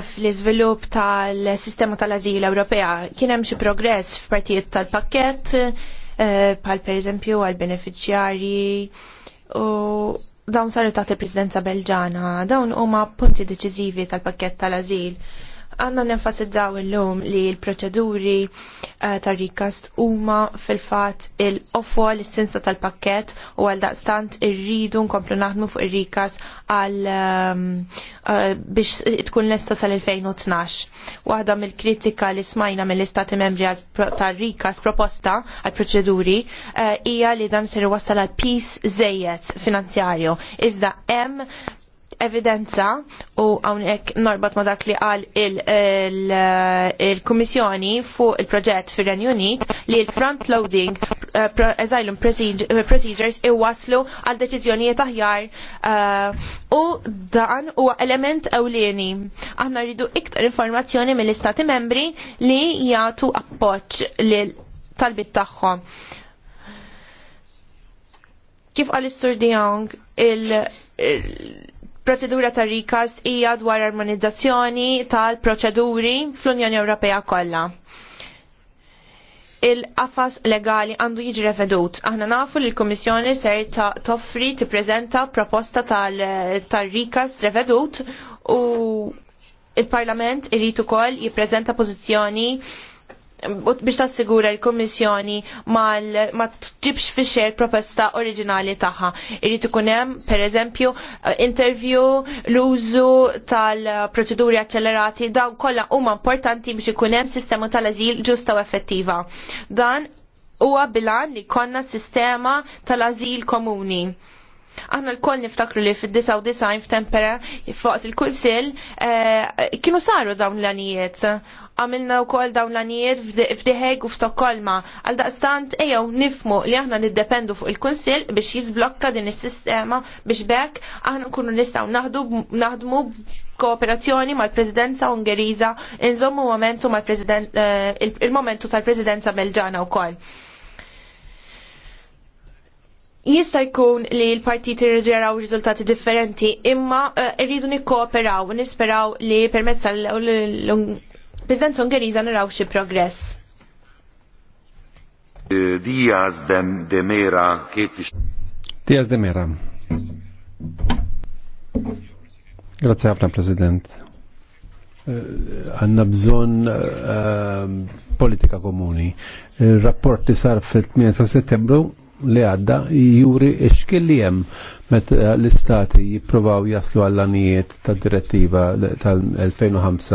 fl-iżvilupp tal-sistema tal ażil Ewropea. Kien hemm xi progress f'partijiet tal-pakkett, uh, bħal pereżempju għall beneficjarji u dawn saru taħt il-Presidenza Belġana. Dawn huma punti deċiżivi tal-pakkett tal ażil Għanna nenfasizzaw il-lum li l-proċeduri eh, tar ta' rikast huma fil-fat il-offo l-istinsa tal-pakket u għal daqstant irridu nkomplu naħdmu fuq ir-rikast għal ehm, eh, biex tkun lesta sal-2012. Waħda mill-kritika li smajna mill-istati membri tal-rikast proposta għal proċeduri eh, hija li dan ser wassal għal pis zejjed finanzjarju. Iżda hemm evidenza u hawnhekk norbot ma dak li qal il-Kummissjoni fuq il-proġett fir-Renju Unit li l-front loading eh, asylum eh, procedures iwaslu għal deċiżjonijiet aħjar eh, u dan huwa element ewlieni. Aħna rridu iktar informazzjoni mill-Istati membri li jagħtu appoġġ li talbit tagħhom. Kif għal sur Diong il Proċedura ta' rikast hija dwar armonizzazzjoni tal-proċeduri fl-Unjoni Ewropea kollha. Il-qafas legali għandu jiġi revedut. Aħna nafu li l-Kummissjoni ser ta' toffri tippreżenta proposta tal-rikas revedut u il-Parlament irid ukoll jippreżenta pożizzjoni biex tassigura l-Kommissjoni ma tġibx fi proposta oriġinali tagħha. Irid ikun hemm pereżempju interview l-użu tal-proċeduri accelerati daw kollha huma importanti biex ikun hemm sistema tal-ażil ġusta u effettiva. Dan huwa bilan li konna sistema tal-ażil komuni Aħna l-koll niftakru li fid-99 f'tempera fuq il-kunsil eh, kienu saru dawn l-anijiet. Għamilna u koll dawn l-anijiet f'Diħeg u f'Tokkolma. Għal daqstant ejew nifmu li aħna niddependu fuq il-kunsil biex jizblokka din is-sistema biex bekk aħna nkunu nistgħu naħdmu kooperazzjoni mal-Presidenza Ungeriża inżommu momentu mal-Presidenza eh, il-momentu tal-Presidenza Belġana wkoll Jista jkun li l-partit irridraw riżultati differenti, imma eh, irridu nikkooperaw, nisperaw li permezz l-Presidenza Ungeriża naraw xi progress.
Eh, Diaz de Mera
Diaz de Mera. Grazie ħafna President. Eh, għanna bżon politika komuni. Il-rapport li sar fil-8 settembru li għadda juri li jem met l-istati jipprovaw jaslu għall ta' direttiva tal 85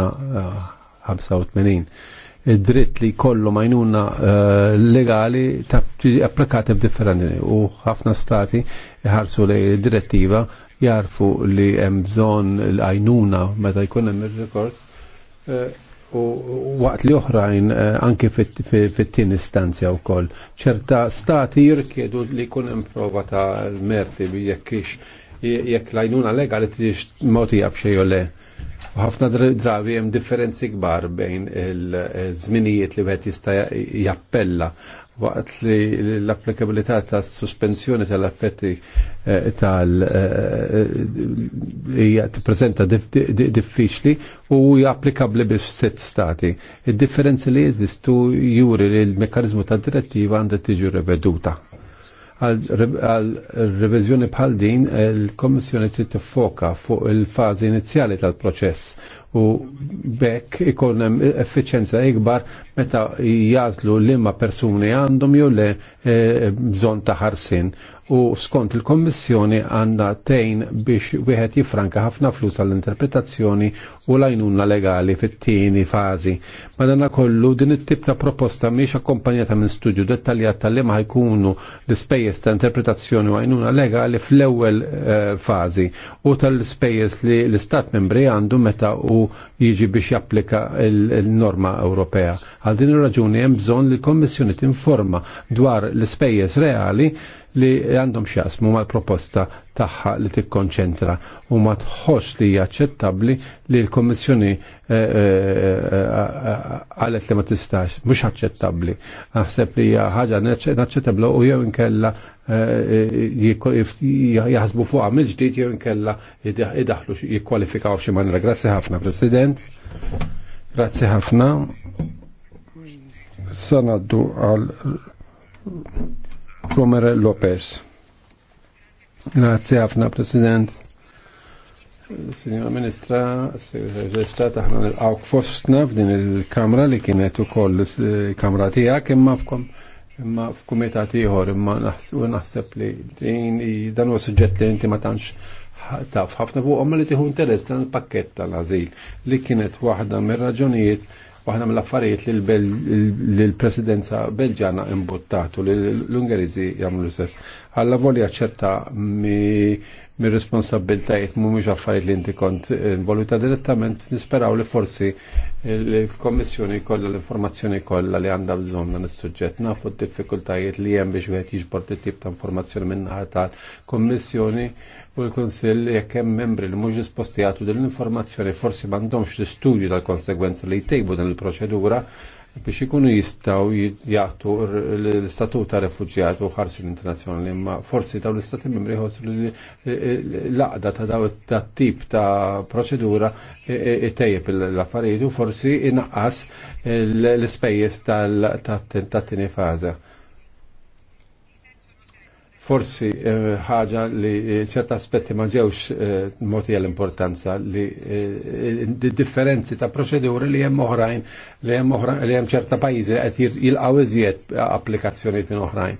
eh, Id-dritt li kollu majnuna eh, legali ta' applikati b'differenti u ħafna stati ħarsu li direttiva jarfu li hemm bżonn l-għajnuna meta jkun hemm ir-rikors eh, u waqt li oħrajn eh, anke fit-tin istanzja wkoll. ċerta stati jirkiedu li jkun hemm prova ta' merti jekk jekk lajnuna legali moti motija b'xej le. Ħafna drabi hemm differenzi kbar bejn il-żminijiet eh, li wieħed jista' jappella waqt li l-applikabilità ta' sospensjoni tal-affetti eh, tal- hija eh, eh, tippreżenta diffiċli u hija applikabbli set sitt stati. il differenzi li jeżistu juri li l mekanizmu tad-direttiva għandha tiġi reveduta għal revizjoni bħal din il komissjoni t tiffoka fuq il-fażi inizjali tal-proċess u bekk ikon effiċenza ikbar meta jazlu l-imma persuni għandhom jew le eh, bżonn ta' ħarsin u skont il-Kommissjoni għandha tejn biex wieħed jifranka ħafna flus għall-interpretazzjoni u lajnuna legali fit-tieni fażi. Madankollu kollu din it-tip ta' proposta mhix akkompanjata minn studju dettaljat tal ma ħajkunu l-ispejjeż ta' interpretazzjoni u għajnuna legali fl-ewwel eh, fażi u tal-ispejjeż li l-Istat membri għandu meta u jiġi biex japplika il-norma Ewropea. Għal din ir-raġuni hemm bżonn li l-Kommissjoni tinforma dwar l-ispejjeż reali li għandhom xjasmu mal-proposta tagħha li tikkonċentra u ma tħoss li hija aċċettabbli li l-Kommissjoni għalet eh, eh, eh, li ma tistax, mhux aċċettabbli. Naħseb li hija ħaġa u jew inkella jaħsbu fuqha mill-ġdid jew inkella jidaħlu jikkwalifikaw xi manra. Grazzi ħafna, President. Grazzi ħafna sanaddu għal Romer Lopez. Grazie ħafna, President. Signora Ministra, s-Restat aħna nil-għawk fostna f'din il-kamra li kienet u koll kamra tijak imma f'kom imma f'kumitat ieħor imma naħseb li din dan huwa suġġett li inti ma tantx taf ħafna fuq li tieħu interess dan il-pakkett tal-ażil li kienet waħda mir-raġunijiet Waħna mill-affarijiet li l-presidenza belġana imbuttatu li l-Ungerizi jagħmlu stess. Alla volja ċerta mi mir responsabiltajiet mhumiex affarijiet li inti kont eh, involuta direttament nisperaw li forsi l kommissjoni kollha l-informazzjoni kollha li għandha bżonn dan is-suġġett nafu d-diffikultajiet li hemm biex wieħed jiġbor tip ta' informazzjoni min-naħa tal-Kommissjoni u l-Kunsill jekk hemm membri li mhux disposti jagħtu din l-informazzjoni forsi m'għandhomx l-istudju tal-konsegwenza li jtejbu din il-proċedura biex ikunu jistaw jgħatu l-istatut ta' refugjat u ħarsi l-internazjonali, imma forsi daw l-istati membri ħossu l-laqda ta' daw tip ta' proċedura tejjeb l-affarijiet u forsi inqas l ta' tat-tini faza forsi eh, ħaġa li eh, ċerta aspetti ma ġewx eh, moti għall-importanza li differenzi ta' proċeduri li jem oħrajn li hemm li hemm ċerta pajjiżi qed jilqgħu iżjed applikazzjonijiet minn oħrajn.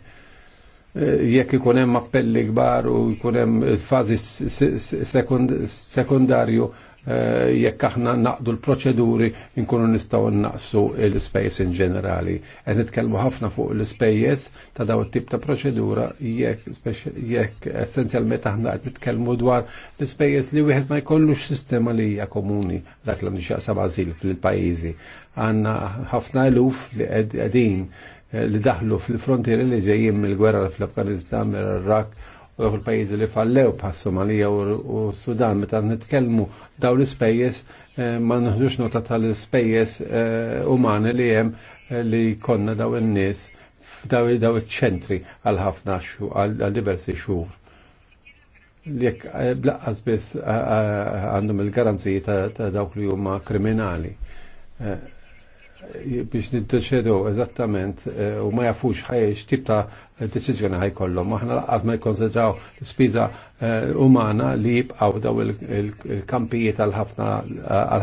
Jekk ikun hemm appelli kbar u jkun hemm fażi sekundarju Eh, jekk aħna naqdu l-proċeduri nkunu nistaw naqsu l-ispejjeż in ġenerali. Qed nitkellmu ħafna fuq l-ispejjeż ta' daw it-tip ta' proċedura jekk jekk essenzjalment aħna qed nitkellmu dwar l-ispejjeż li wieħed ma jkollux sistema li hija komuni dak li nixaqsam għażil fil-pajjiżi. Għandna ħafna eluf li qegħdin eh, li daħlu fil-frontieri li ġejjin mill-gwerra fl-Afganistan, mill irak dawk il-pajjiżi li fallew pa' Somalija u Sudan meta nitkellmu daw l-ispejjeż eh, ma nħdux nota tal-ispejjeż eh, umani li hemm eh, li konna daw in-nies f'daw daw iċ-ċentri għal ħafna għal diversi xhur jekk blaqqas biss għandhom il-garanziji ta' dawk li huma kriminali biex ninteċedu eżattament eh, u ma jafux ħaj xtib ta' deċiżjoni ħaj kollu. Aħna qatt ma jkonsidraw l-spiża eh, umana li jibqaw daw il-kampijiet għal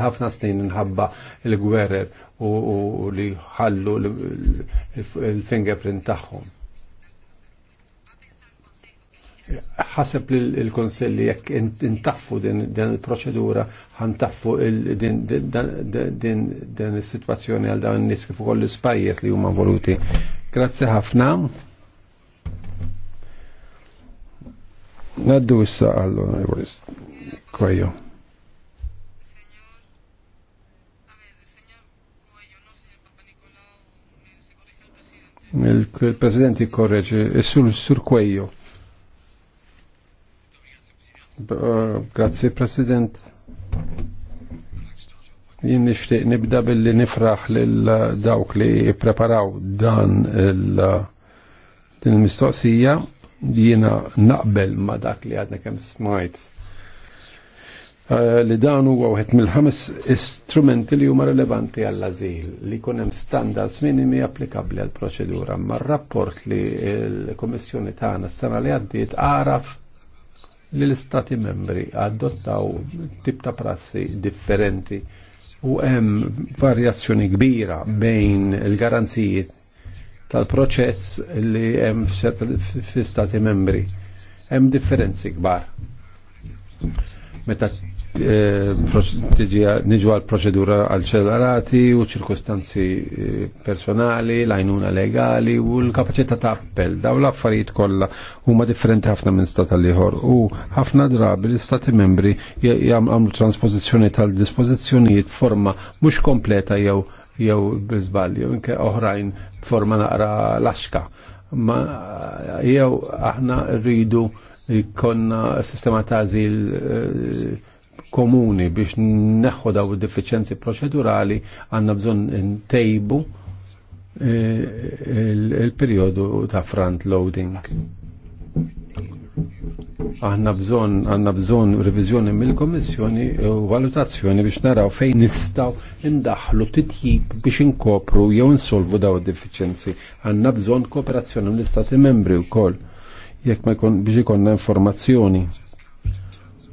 ħafna snin inħabba il-gwerer u li ħallu il-fingerprint tagħhom ħaseb li l-konsilli jekk intaffu din il-proċedura ħantaffu din is-sitwazzjoni għal dawn nies niski fuq l-ispajjeż li huma voluti. Grazie ħafna. Naddu issa għall Kwejo. Il-President jikkorreġi, il-Sur Kwejo. Grazzi President. Jien nixtieq nibda billi nifraħ lil dawk li preparaw dan il-mistoqsija jiena naqbel ma dak li għadna kemm smajt eh, li dan huwa wieħed mill-ħames istrumenti li huma relevanti għall ażil li jkun hemm standards minimi applikabbli għall proċedura. Ma rapport li l-Kummissjoni tagħna s-sena li għaddiet għaraf li l-istati membri adottaw tip ta' prassi differenti u hemm varjazzjoni kbira bejn il-garanzijiet tal-proċess li hemm fi stati membri. Hemm differenzi kbar. Meta niġu għal proċedura għal ċelarati u ċirkustanzi eh, personali, lajnuna legali u l-kapacità ta' appell. Daw l-affarijiet kollha huma differenti ħafna minn stat liħor ieħor u ħafna drabi l-istati membri jgħamlu transpozizjoni tal-dispożizzjonijiet forma mhux kompleta jew jew biżball jew inke oħrajn forma naqra laxka. Ma jew aħna rridu jkonna sistema ta' eh, komuni biex neħħu daw id-diffiċenzi proċedurali għandna bżonn ntejbu eh, il-periodu ta' front loading. Aħna bżon, għanna bżon revizjoni mill-Komissjoni u valutazzjoni biex naraw fejn nistaw indaħlu titjib biex inkopru jew insolvu daw id-diffiċenzi. Għanna bżon kooperazzjoni mill-Istati membri u kol, jekk ma jkun biex ikonna informazzjoni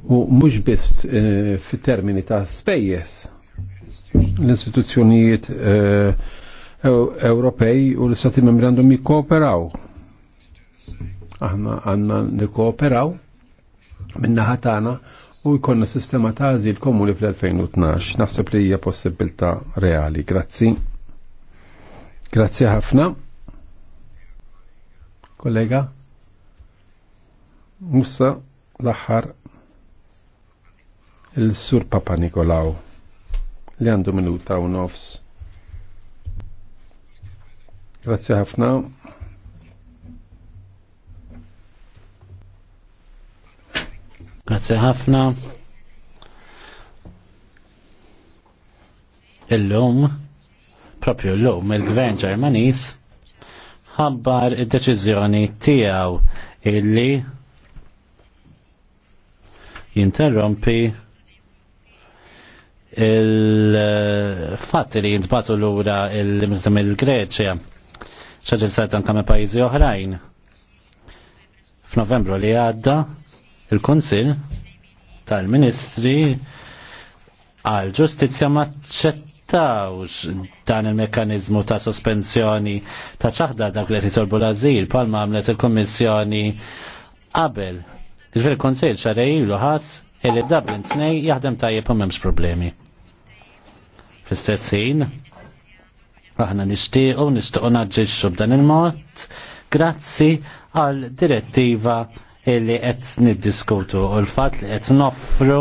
u mhux biss eh, fit-termini ta' spejjeż. L-istituzzjonijiet eh, Ewropej u l istati Membri għandhom jikkooperaw. Aħna għandna nikkooperaw minnaħa tagħna u jkollna sistema ta' għażil komuni fl-2012. Naħseb li hija possibilità reali. Grazzi. Grazzi ħafna. Kollega. Musa l-aħħar il-Sur Papa Nikolaw li għandu minuta u nofs. Grazie ħafna.
Grazie ħafna. Illum, propju l-lum, il-gvern ġermanis ħabbar id-deċizjoni tiegħu illi jinterrompi il-fatti li jintbatu l-ura il limitam il greċja ċaġil sajtan kamme pajizi oħrajn. F'Novembru li għadda il-Konsil tal-Ministri għal ġustizja maċċettawx dan il mekanizmu ta' sospensjoni ta' ċaħda dak li titolbu l-azil palma għamlet il-Kommissjoni qabel. Ġveri il-Konsil xarejlu ħas il-Dublin 2 jaħdem tajjeb u memx problemi. Fl-istess ħin, aħna nixtiequ nixtiequ naġġiġu b'dan il-mod grazzi għal direttiva illi qed niddiskutu u l-fatt li qed noffru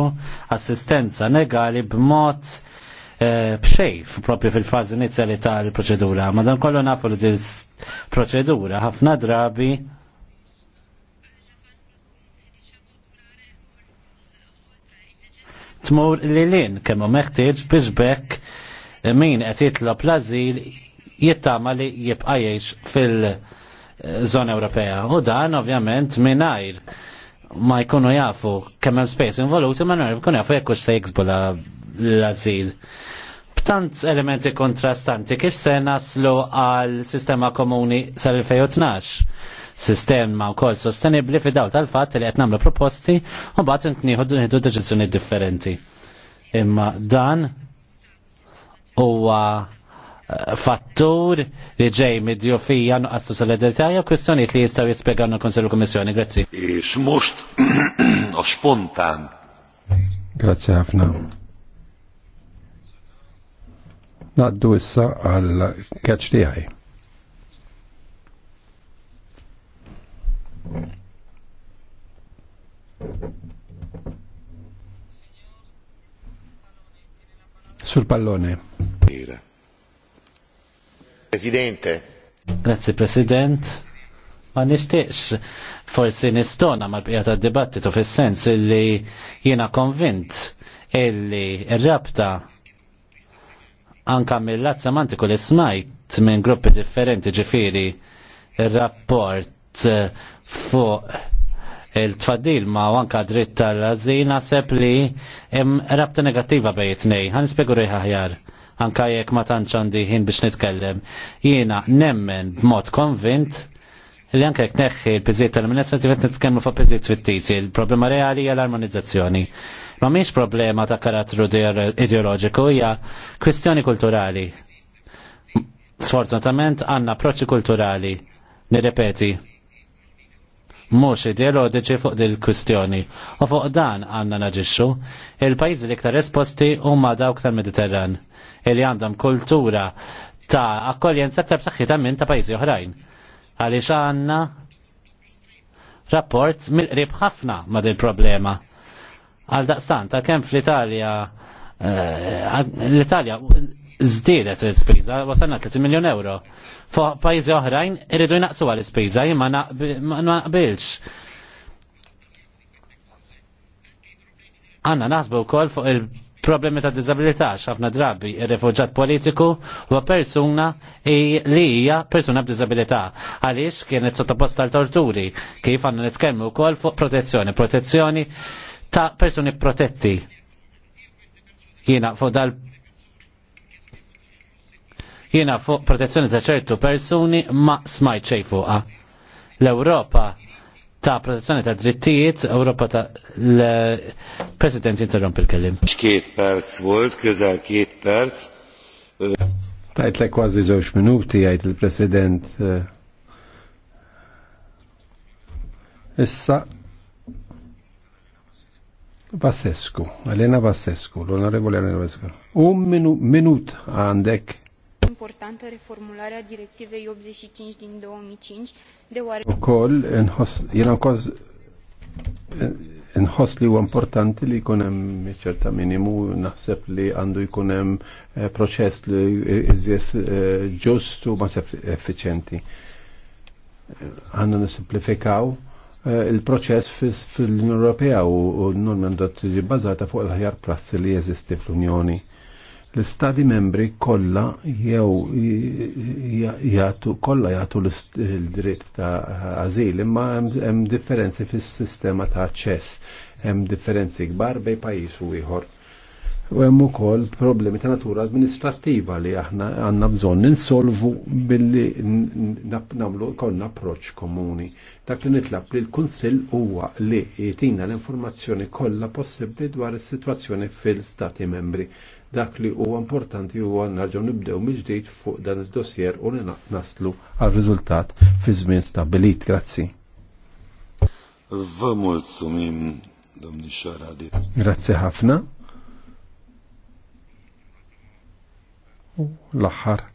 assistenza negali b'mod eh, bxejf propju fil-fazi inizjali tal-proċedura. Madan kollu nafu li proċedura ħafna drabi tmur li lin kemmu meħtieġ biex bekk min qed jitlob l-azil jittama li jibqa' jgħix fil-żona Ewropea. U dan ovvjament mingħajr ma jkunu jafu kemm hemm space involuti ma jkunu jafu jekk se jiksbu l-azil tant elementi kontrastanti kif se naslu għal sistema komuni sal-2012 sistema wkoll sostenibbli fi daw tal-fatt li qed nagħmlu proposti u mbagħad int nħidu deċizjoni differenti. Imma dan huwa eh, fattur li ġej midju fija nuqqas solidarità jew kwistjonijiet li jistgħu jispjegawna l-Kunsill Kummissjoni. Grazzi. E Smust u spontan.
Grazzi ħafna. Naddu issa għal catch tiegħi.
Sul pallone.
Presidente.
Grazie President. Ma nistiex forsi nistona mal bqija tad dibattitu fis-sens illi jiena konvint illi r-rabta anka mill-lazza mantiku li ismajt minn gruppi differenti ġifiri il-rapport fuq il-tfaddil ma wanka dritt tal-azina sepp li rabta negattiva bej it-nej. Għan nispegu rejħa ħjar anka jekk ma tantx għandi ħin biex nitkellem. Jiena nemmen b'mod konvint li anke jekk neħħi l-piżiet tal-amministrativi qed nitkellmu fuq piżiet fittizi, il-problema reali hija l-armonizzazzjoni. Ma miex problema ta' karattru ideoloġiku hija kwistjoni kulturali. Sfortunatament għandna approċċi kulturali. Nirrepeti, mhux ideoloġiċi fuq dil kwistjoni u fuq dan għandna naġixxu il-pajjiżi li iktar esposti huma dawk tal-Mediterran li għandhom kultura ta' akkoljenza aktar ta' minn ta' pajjiżi oħrajn. Għaliex għandna rapport mill-qrib ħafna ma' din problema. Għal daqstan ta' kemm fl-Italja eh, l-Italja zdiedet l-ispiża, wasalna 30 miljun euro. Fuq pajjiżi oħrajn irridu jnaqsu għal ispiża jien ma naqbilx. Għanna naħsbu wkoll fuq il-problemi ta' diżabilità x'ħafna drabi ir-refuġġat politiku huwa persuna li hija persuna b'diżabilità għaliex kienet sottoposta għal torturi kif għandna nitkellmu wkoll fuq protezzjoni, protezzjoni ta' persuni protetti. Jiena fuq dal Jiena fuq protezzjoni ta' ċertu persuni ma smajt xej fuqha. L-Ewropa ta' protezzjoni ta' drittijiet, Ewropa ta' l-President interromp il-kellim.
Xkiet perz volt, kizar kiet perz.
Tajt le kważi żewġ minuti għajt il-President. Issa Bassescu, Elena Bassescu, l-onorevole Elena Bassescu. Un minut għandek importantă reformularea directivei 85 din 2005, deoarece... Ukoll, jena koz nħoss li huwa importanti li jkun hemm ċerta minimu naħseb li għandu jkun hemm eh, proċess li iżjes eh, eh, Għandna nisimplifikaw il-proċess fil-Unjoni Ewropea u n-norma tiġi bbażata fuq l-ħjar prassi li jeżisti fl-Unjoni l-istati membri kollha jew jagħtu kolla jgħatu l-dritt ta' ażil, imma hemm differenzi fis-sistema ta' aċċess, hemm differenzi kbar bej pajjiż u ieħor. U hemm ukoll problemi ta' natura amministrattiva li aħna għandna bżonn ninsolvu billi nagħmlu konna approċċ komuni. Dak li nitlab li l-Kunsill huwa li jtina l-informazzjoni kollha possibbli dwar is-sitwazzjoni fil-Stati membri dak li huwa importanti huwa nerġgħu nibdew mill-ġdid fuq dan id-dossier u naslu għal riżultat fi żmien stabbilit. Grazzi.
Vă mulțumim, domnișoara de...
Grazzi ħafna. L-aħħar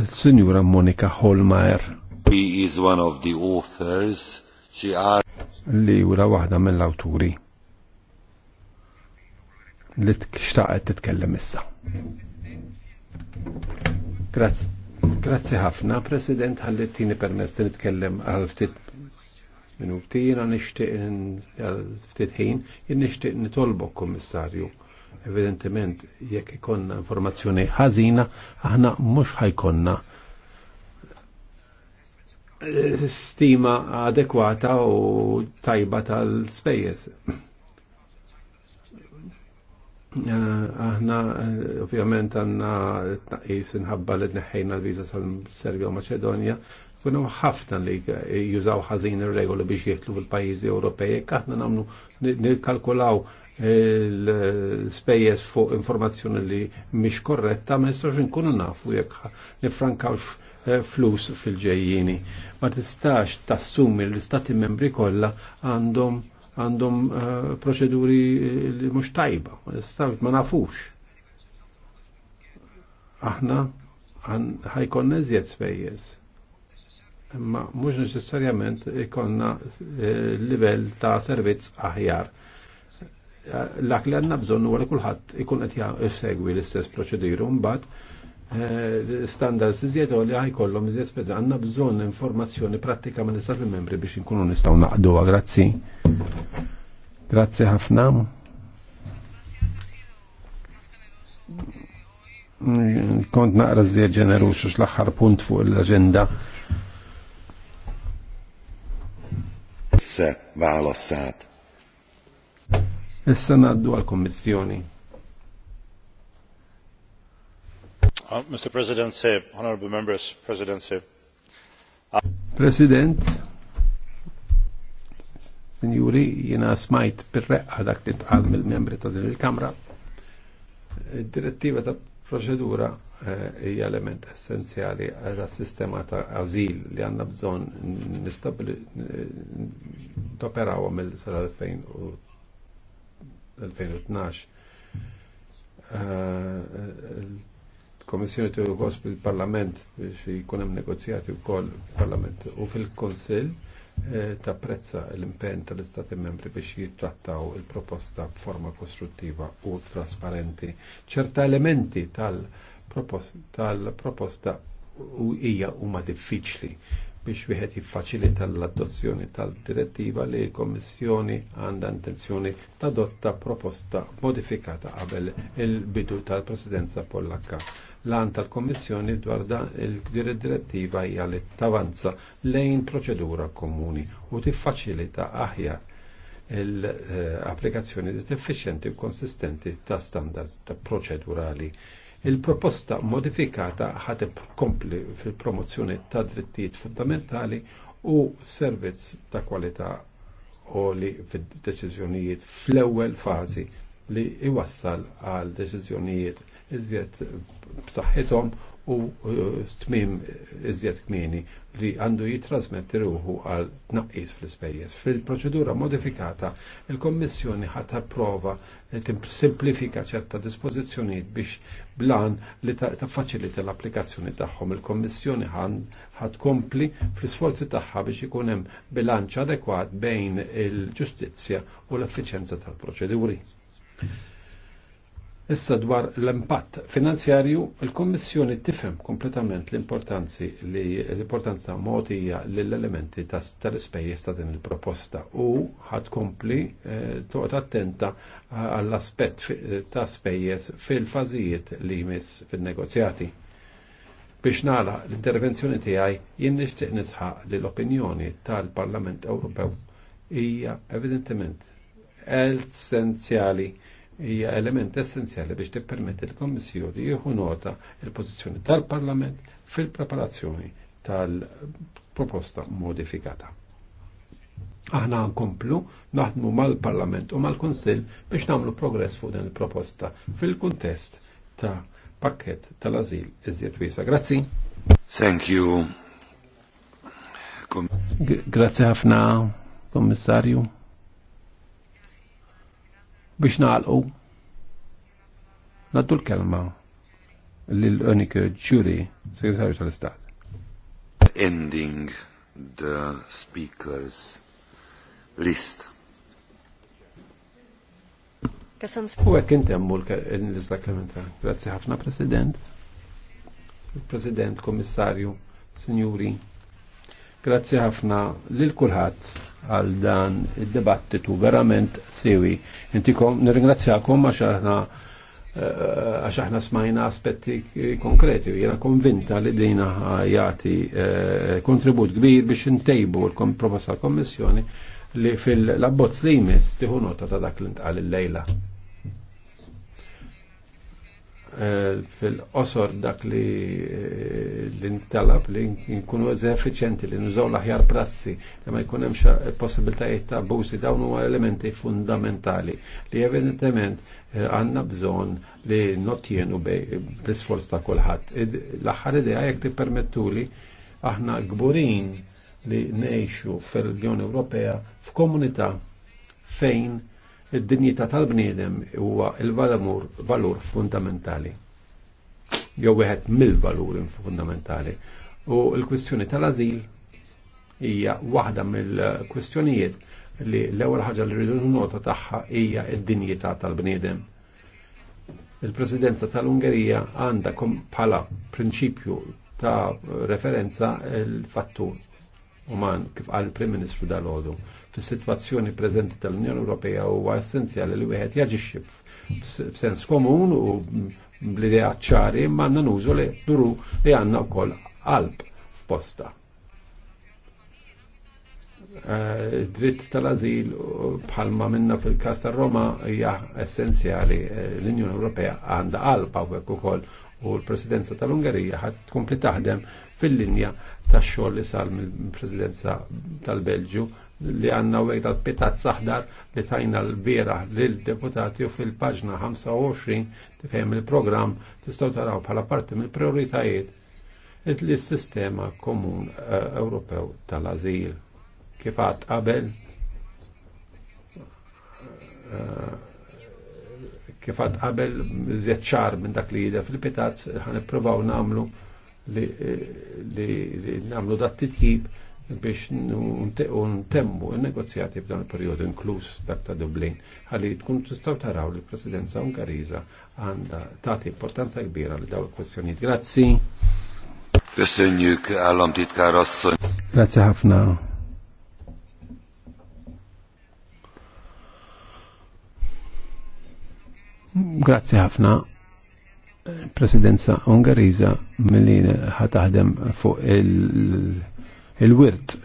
il-Sinjura Monika Holmeyer.
He is one of the authors. She are...
Li ura waħda mill-awturi li t titkellem issa. Grazzi. ħafna, President, tini permess li nitkellem għal ftit minuti, jina nishtiq ftit ħin, jina nishtiq nitolbok, Kommissarju. Evidentement, jekk ikonna informazzjoni ħażina, aħna mhux ħajkonna eh, stima adekwata u tajba tal-spejjeż. Eh, aħna eh, ovvjament għanna t-naqis nħabba li neħħejna l-viza tal-Serbja u Maċedonja, kienu ħafna li jużaw ħażin ir-regoli biex jitlu fil-pajjiżi Ewropej, jekk aħna nagħmlu kalkulaw eh, l-spejjeż fuq informazzjoni li mhix korretta ma nistax inkunu nafu jekk nifrankaw flus fil-ġejjini. Ma tistax tassumi l-istati membri kollha għandhom għandhom eh, proċeduri li mhux tajba, ma nafux. Aħna ħajkonna eżjed spejjeż. Imma mhux neċessarjament ikonna eh, livell ta' servizz aħjar. Eh, Lak li għandna bżonn huwa li kulħadd ikun qed segwi l-istess proċeduru mbagħad Eh, standards iżjed u li ħajkollhom iżjed spesa għanna bżon informazzjoni pratika ma minn istati membri biex nkunu nistaw naqdu grazzi. Grazzi ħafna. Kont naqra żjed ġenerux l-aħħar punt fuq l agenda
Issa válaszát.
Issa naddu għal-Kommissjoni.
Uh, Mr. President, honorable members, Presidency.
Uh, President, Sinjuri, jena smajt bil-reqqa dak li tqal mill-membri ta' din il-Kamra. Direttiva ta' proċedura eh, hija eh, element essenzjali għal sistema ta' azil li għanna bżon nistabli toperawa mill-2012 il-Komissjoni tu għos bil-Parlament biex jikunem hemm negozjati wkoll parlament u fil-Konsill eh, tapprezza l-impenn tal-Istati membri biex jittrattaw il-proposta b'forma kostruttiva u trasparenti. ċerta elementi tal-proposta u hija huma diffiċli biex wieħed jiffaċilita l-adozzjoni tal-direttiva li l-Kommissjoni għandha intenzjoni tadotta proposta modifikata qabel il-bidu tal-Presidenza Pollakka. L-għan tal-Kommissjoni dwar il-direttiva hija li tavanza lejn proċedura komuni u tiffaċilita aħjar l-applikazzjoni effiċjenti u konsistenti ta' standards ta' proċedurali il-proposta modifikata ħat kompli fil-promozzjoni ta' drittijiet fundamentali u servizz ta' kwalità li fil-deċiżjonijiet fl-ewwel fażi li iwassal għal deċiżjonijiet iżjed b'saħħithom u tmiem iżjed kmieni li għandu jitrasmetti ruħu għal tnaqqis fl-ispejjeż. Fil-proċedura modifikata, il-Kommissjoni ħadd prova simplifika ċerta dispożizzjonijiet biex blan li taffaċilita l-applikazzjoni tagħhom. Il-Kommissjoni ħad kompli fl-isforzi tagħha biex ikun hemm bilanċ adekwat bejn il-ġustizzja u l-effiċenza tal-proċeduri. Issa dwar l-impatt finanzjarju, il-Kommissjoni tifhem kompletament l-importanzi li l-importanza motija lill-elementi tal-ispejjeż ta' din il-proposta u ħad kompli eh, toqgħod attenta għall-aspett ta' spejjeż fil-fażijiet li jmiss fin-negozjati. Biex nara l-intervenzjoni tiegħi jien nixtieq nisħaq li l-opinjoni tal-Parlament Ewropew hija evidentement essenzjali hija element essenzjali biex tippermetti l-Kommissjoni jieħu nota il-pożizzjoni tal-Parlament fil-preparazzjoni tal-proposta modifikata. Aħna nkomplu naħdmu mal-Parlament u mal-Kunsill biex nagħmlu progress fuq din il-proposta fil-kuntest ta' pakket tal-azil iżjed wiesa. Grazzi.
Thank you.
Grazzi ħafna, Kommissarju biex nagħlqu naddu l-kelma l-Unica Jury, Segretarju tal-Istat. Ending the speakers list. U għek inti għammu l-lista Klementa. Grazie ħafna, President. President, Komissarju, Signori, Grazzi ħafna lil kulħadd għal dan id-dibattitu verament sewi. Intikom nirringrazzjakom għax aħna eh, għax aħna smajna aspetti konkreti u jena konvinta li dina jati eh, kontribut kbir biex intejbu l-proposta kommissjoni li fil labbozz li jmiss tiħu nota ta' dak l-intqal il-lejla fil-qosor dak li eh, l-intalab li nkunu effiċenti li nużaw l-aħjar prassi li ma jkun hemm possibiltajiet ta' busi dawn huwa elementi fundamentali li evidentement eh, għandna bżon li notjenu bl-isforz ta' kulħadd. L-aħħar idea jekk tippermettuli aħna gburin li nejxu fil-Unjoni Ewropea f'komunità fejn id-dinjità tal-bniedem huwa il-valur valur fundamentali. Jew wieħed mill-valuri fundamentali. U l-kwistjoni tal-azil hija waħda mill-kwistjonijiet li l-ewwel ħaġa li rridu nota tagħha hija d-dinjità tal-bniedem. Il-Presidenza tal-Ungerija għandha bħala prinċipju ta' referenza l-fattur uman kif għal prim Ministru dal-ħodu fis-sitwazzjoni preżenti tal-Unjoni Ewropea huwa essenzjali li wieħed jaġixxi b'sens komun u bl-idea ċari imma għandna nużu li duru li għandna wkoll qalb f'posta. Eh, dritt tal-azil bħalma minna fil-kas tar-Roma hija essenzjali eh, l-Unjoni Ewropea għandha qalb hawnhekk ukoll u l-presidenza tal-Ungerija ħadd tkompli taħdem fil-linja tax xogħol li sar mill-presidenza tal-Belġju li għanna u għedat pitat saħdar li tajna l-bira l-deputati u fil-pagġna 25 tifhem il-program tistaw taraw bħala parti mill-prioritajiet s sistema komun eh, Ewropew tal-azil. Kif għad qabel eh, kif qabel zjeċċar minn dak li jidher fil-pitazz ħan ippruvaw namlu li eh, namlu dat titjib biex n-temmu il-negozjati f'dan il-periodu inkluż dak ta' Dublin għalli tkun tistaw taraw li l-Presidenza Ungariża għandha tagħti importanza kbira
li daw il-kwestjonijiet. Grazzi. Köszönjük államtitkár asszony.
Grazie Hafna. Grazie Hafna. Presidenza Ungariza, milli ħataħdem fuq il- il-wirt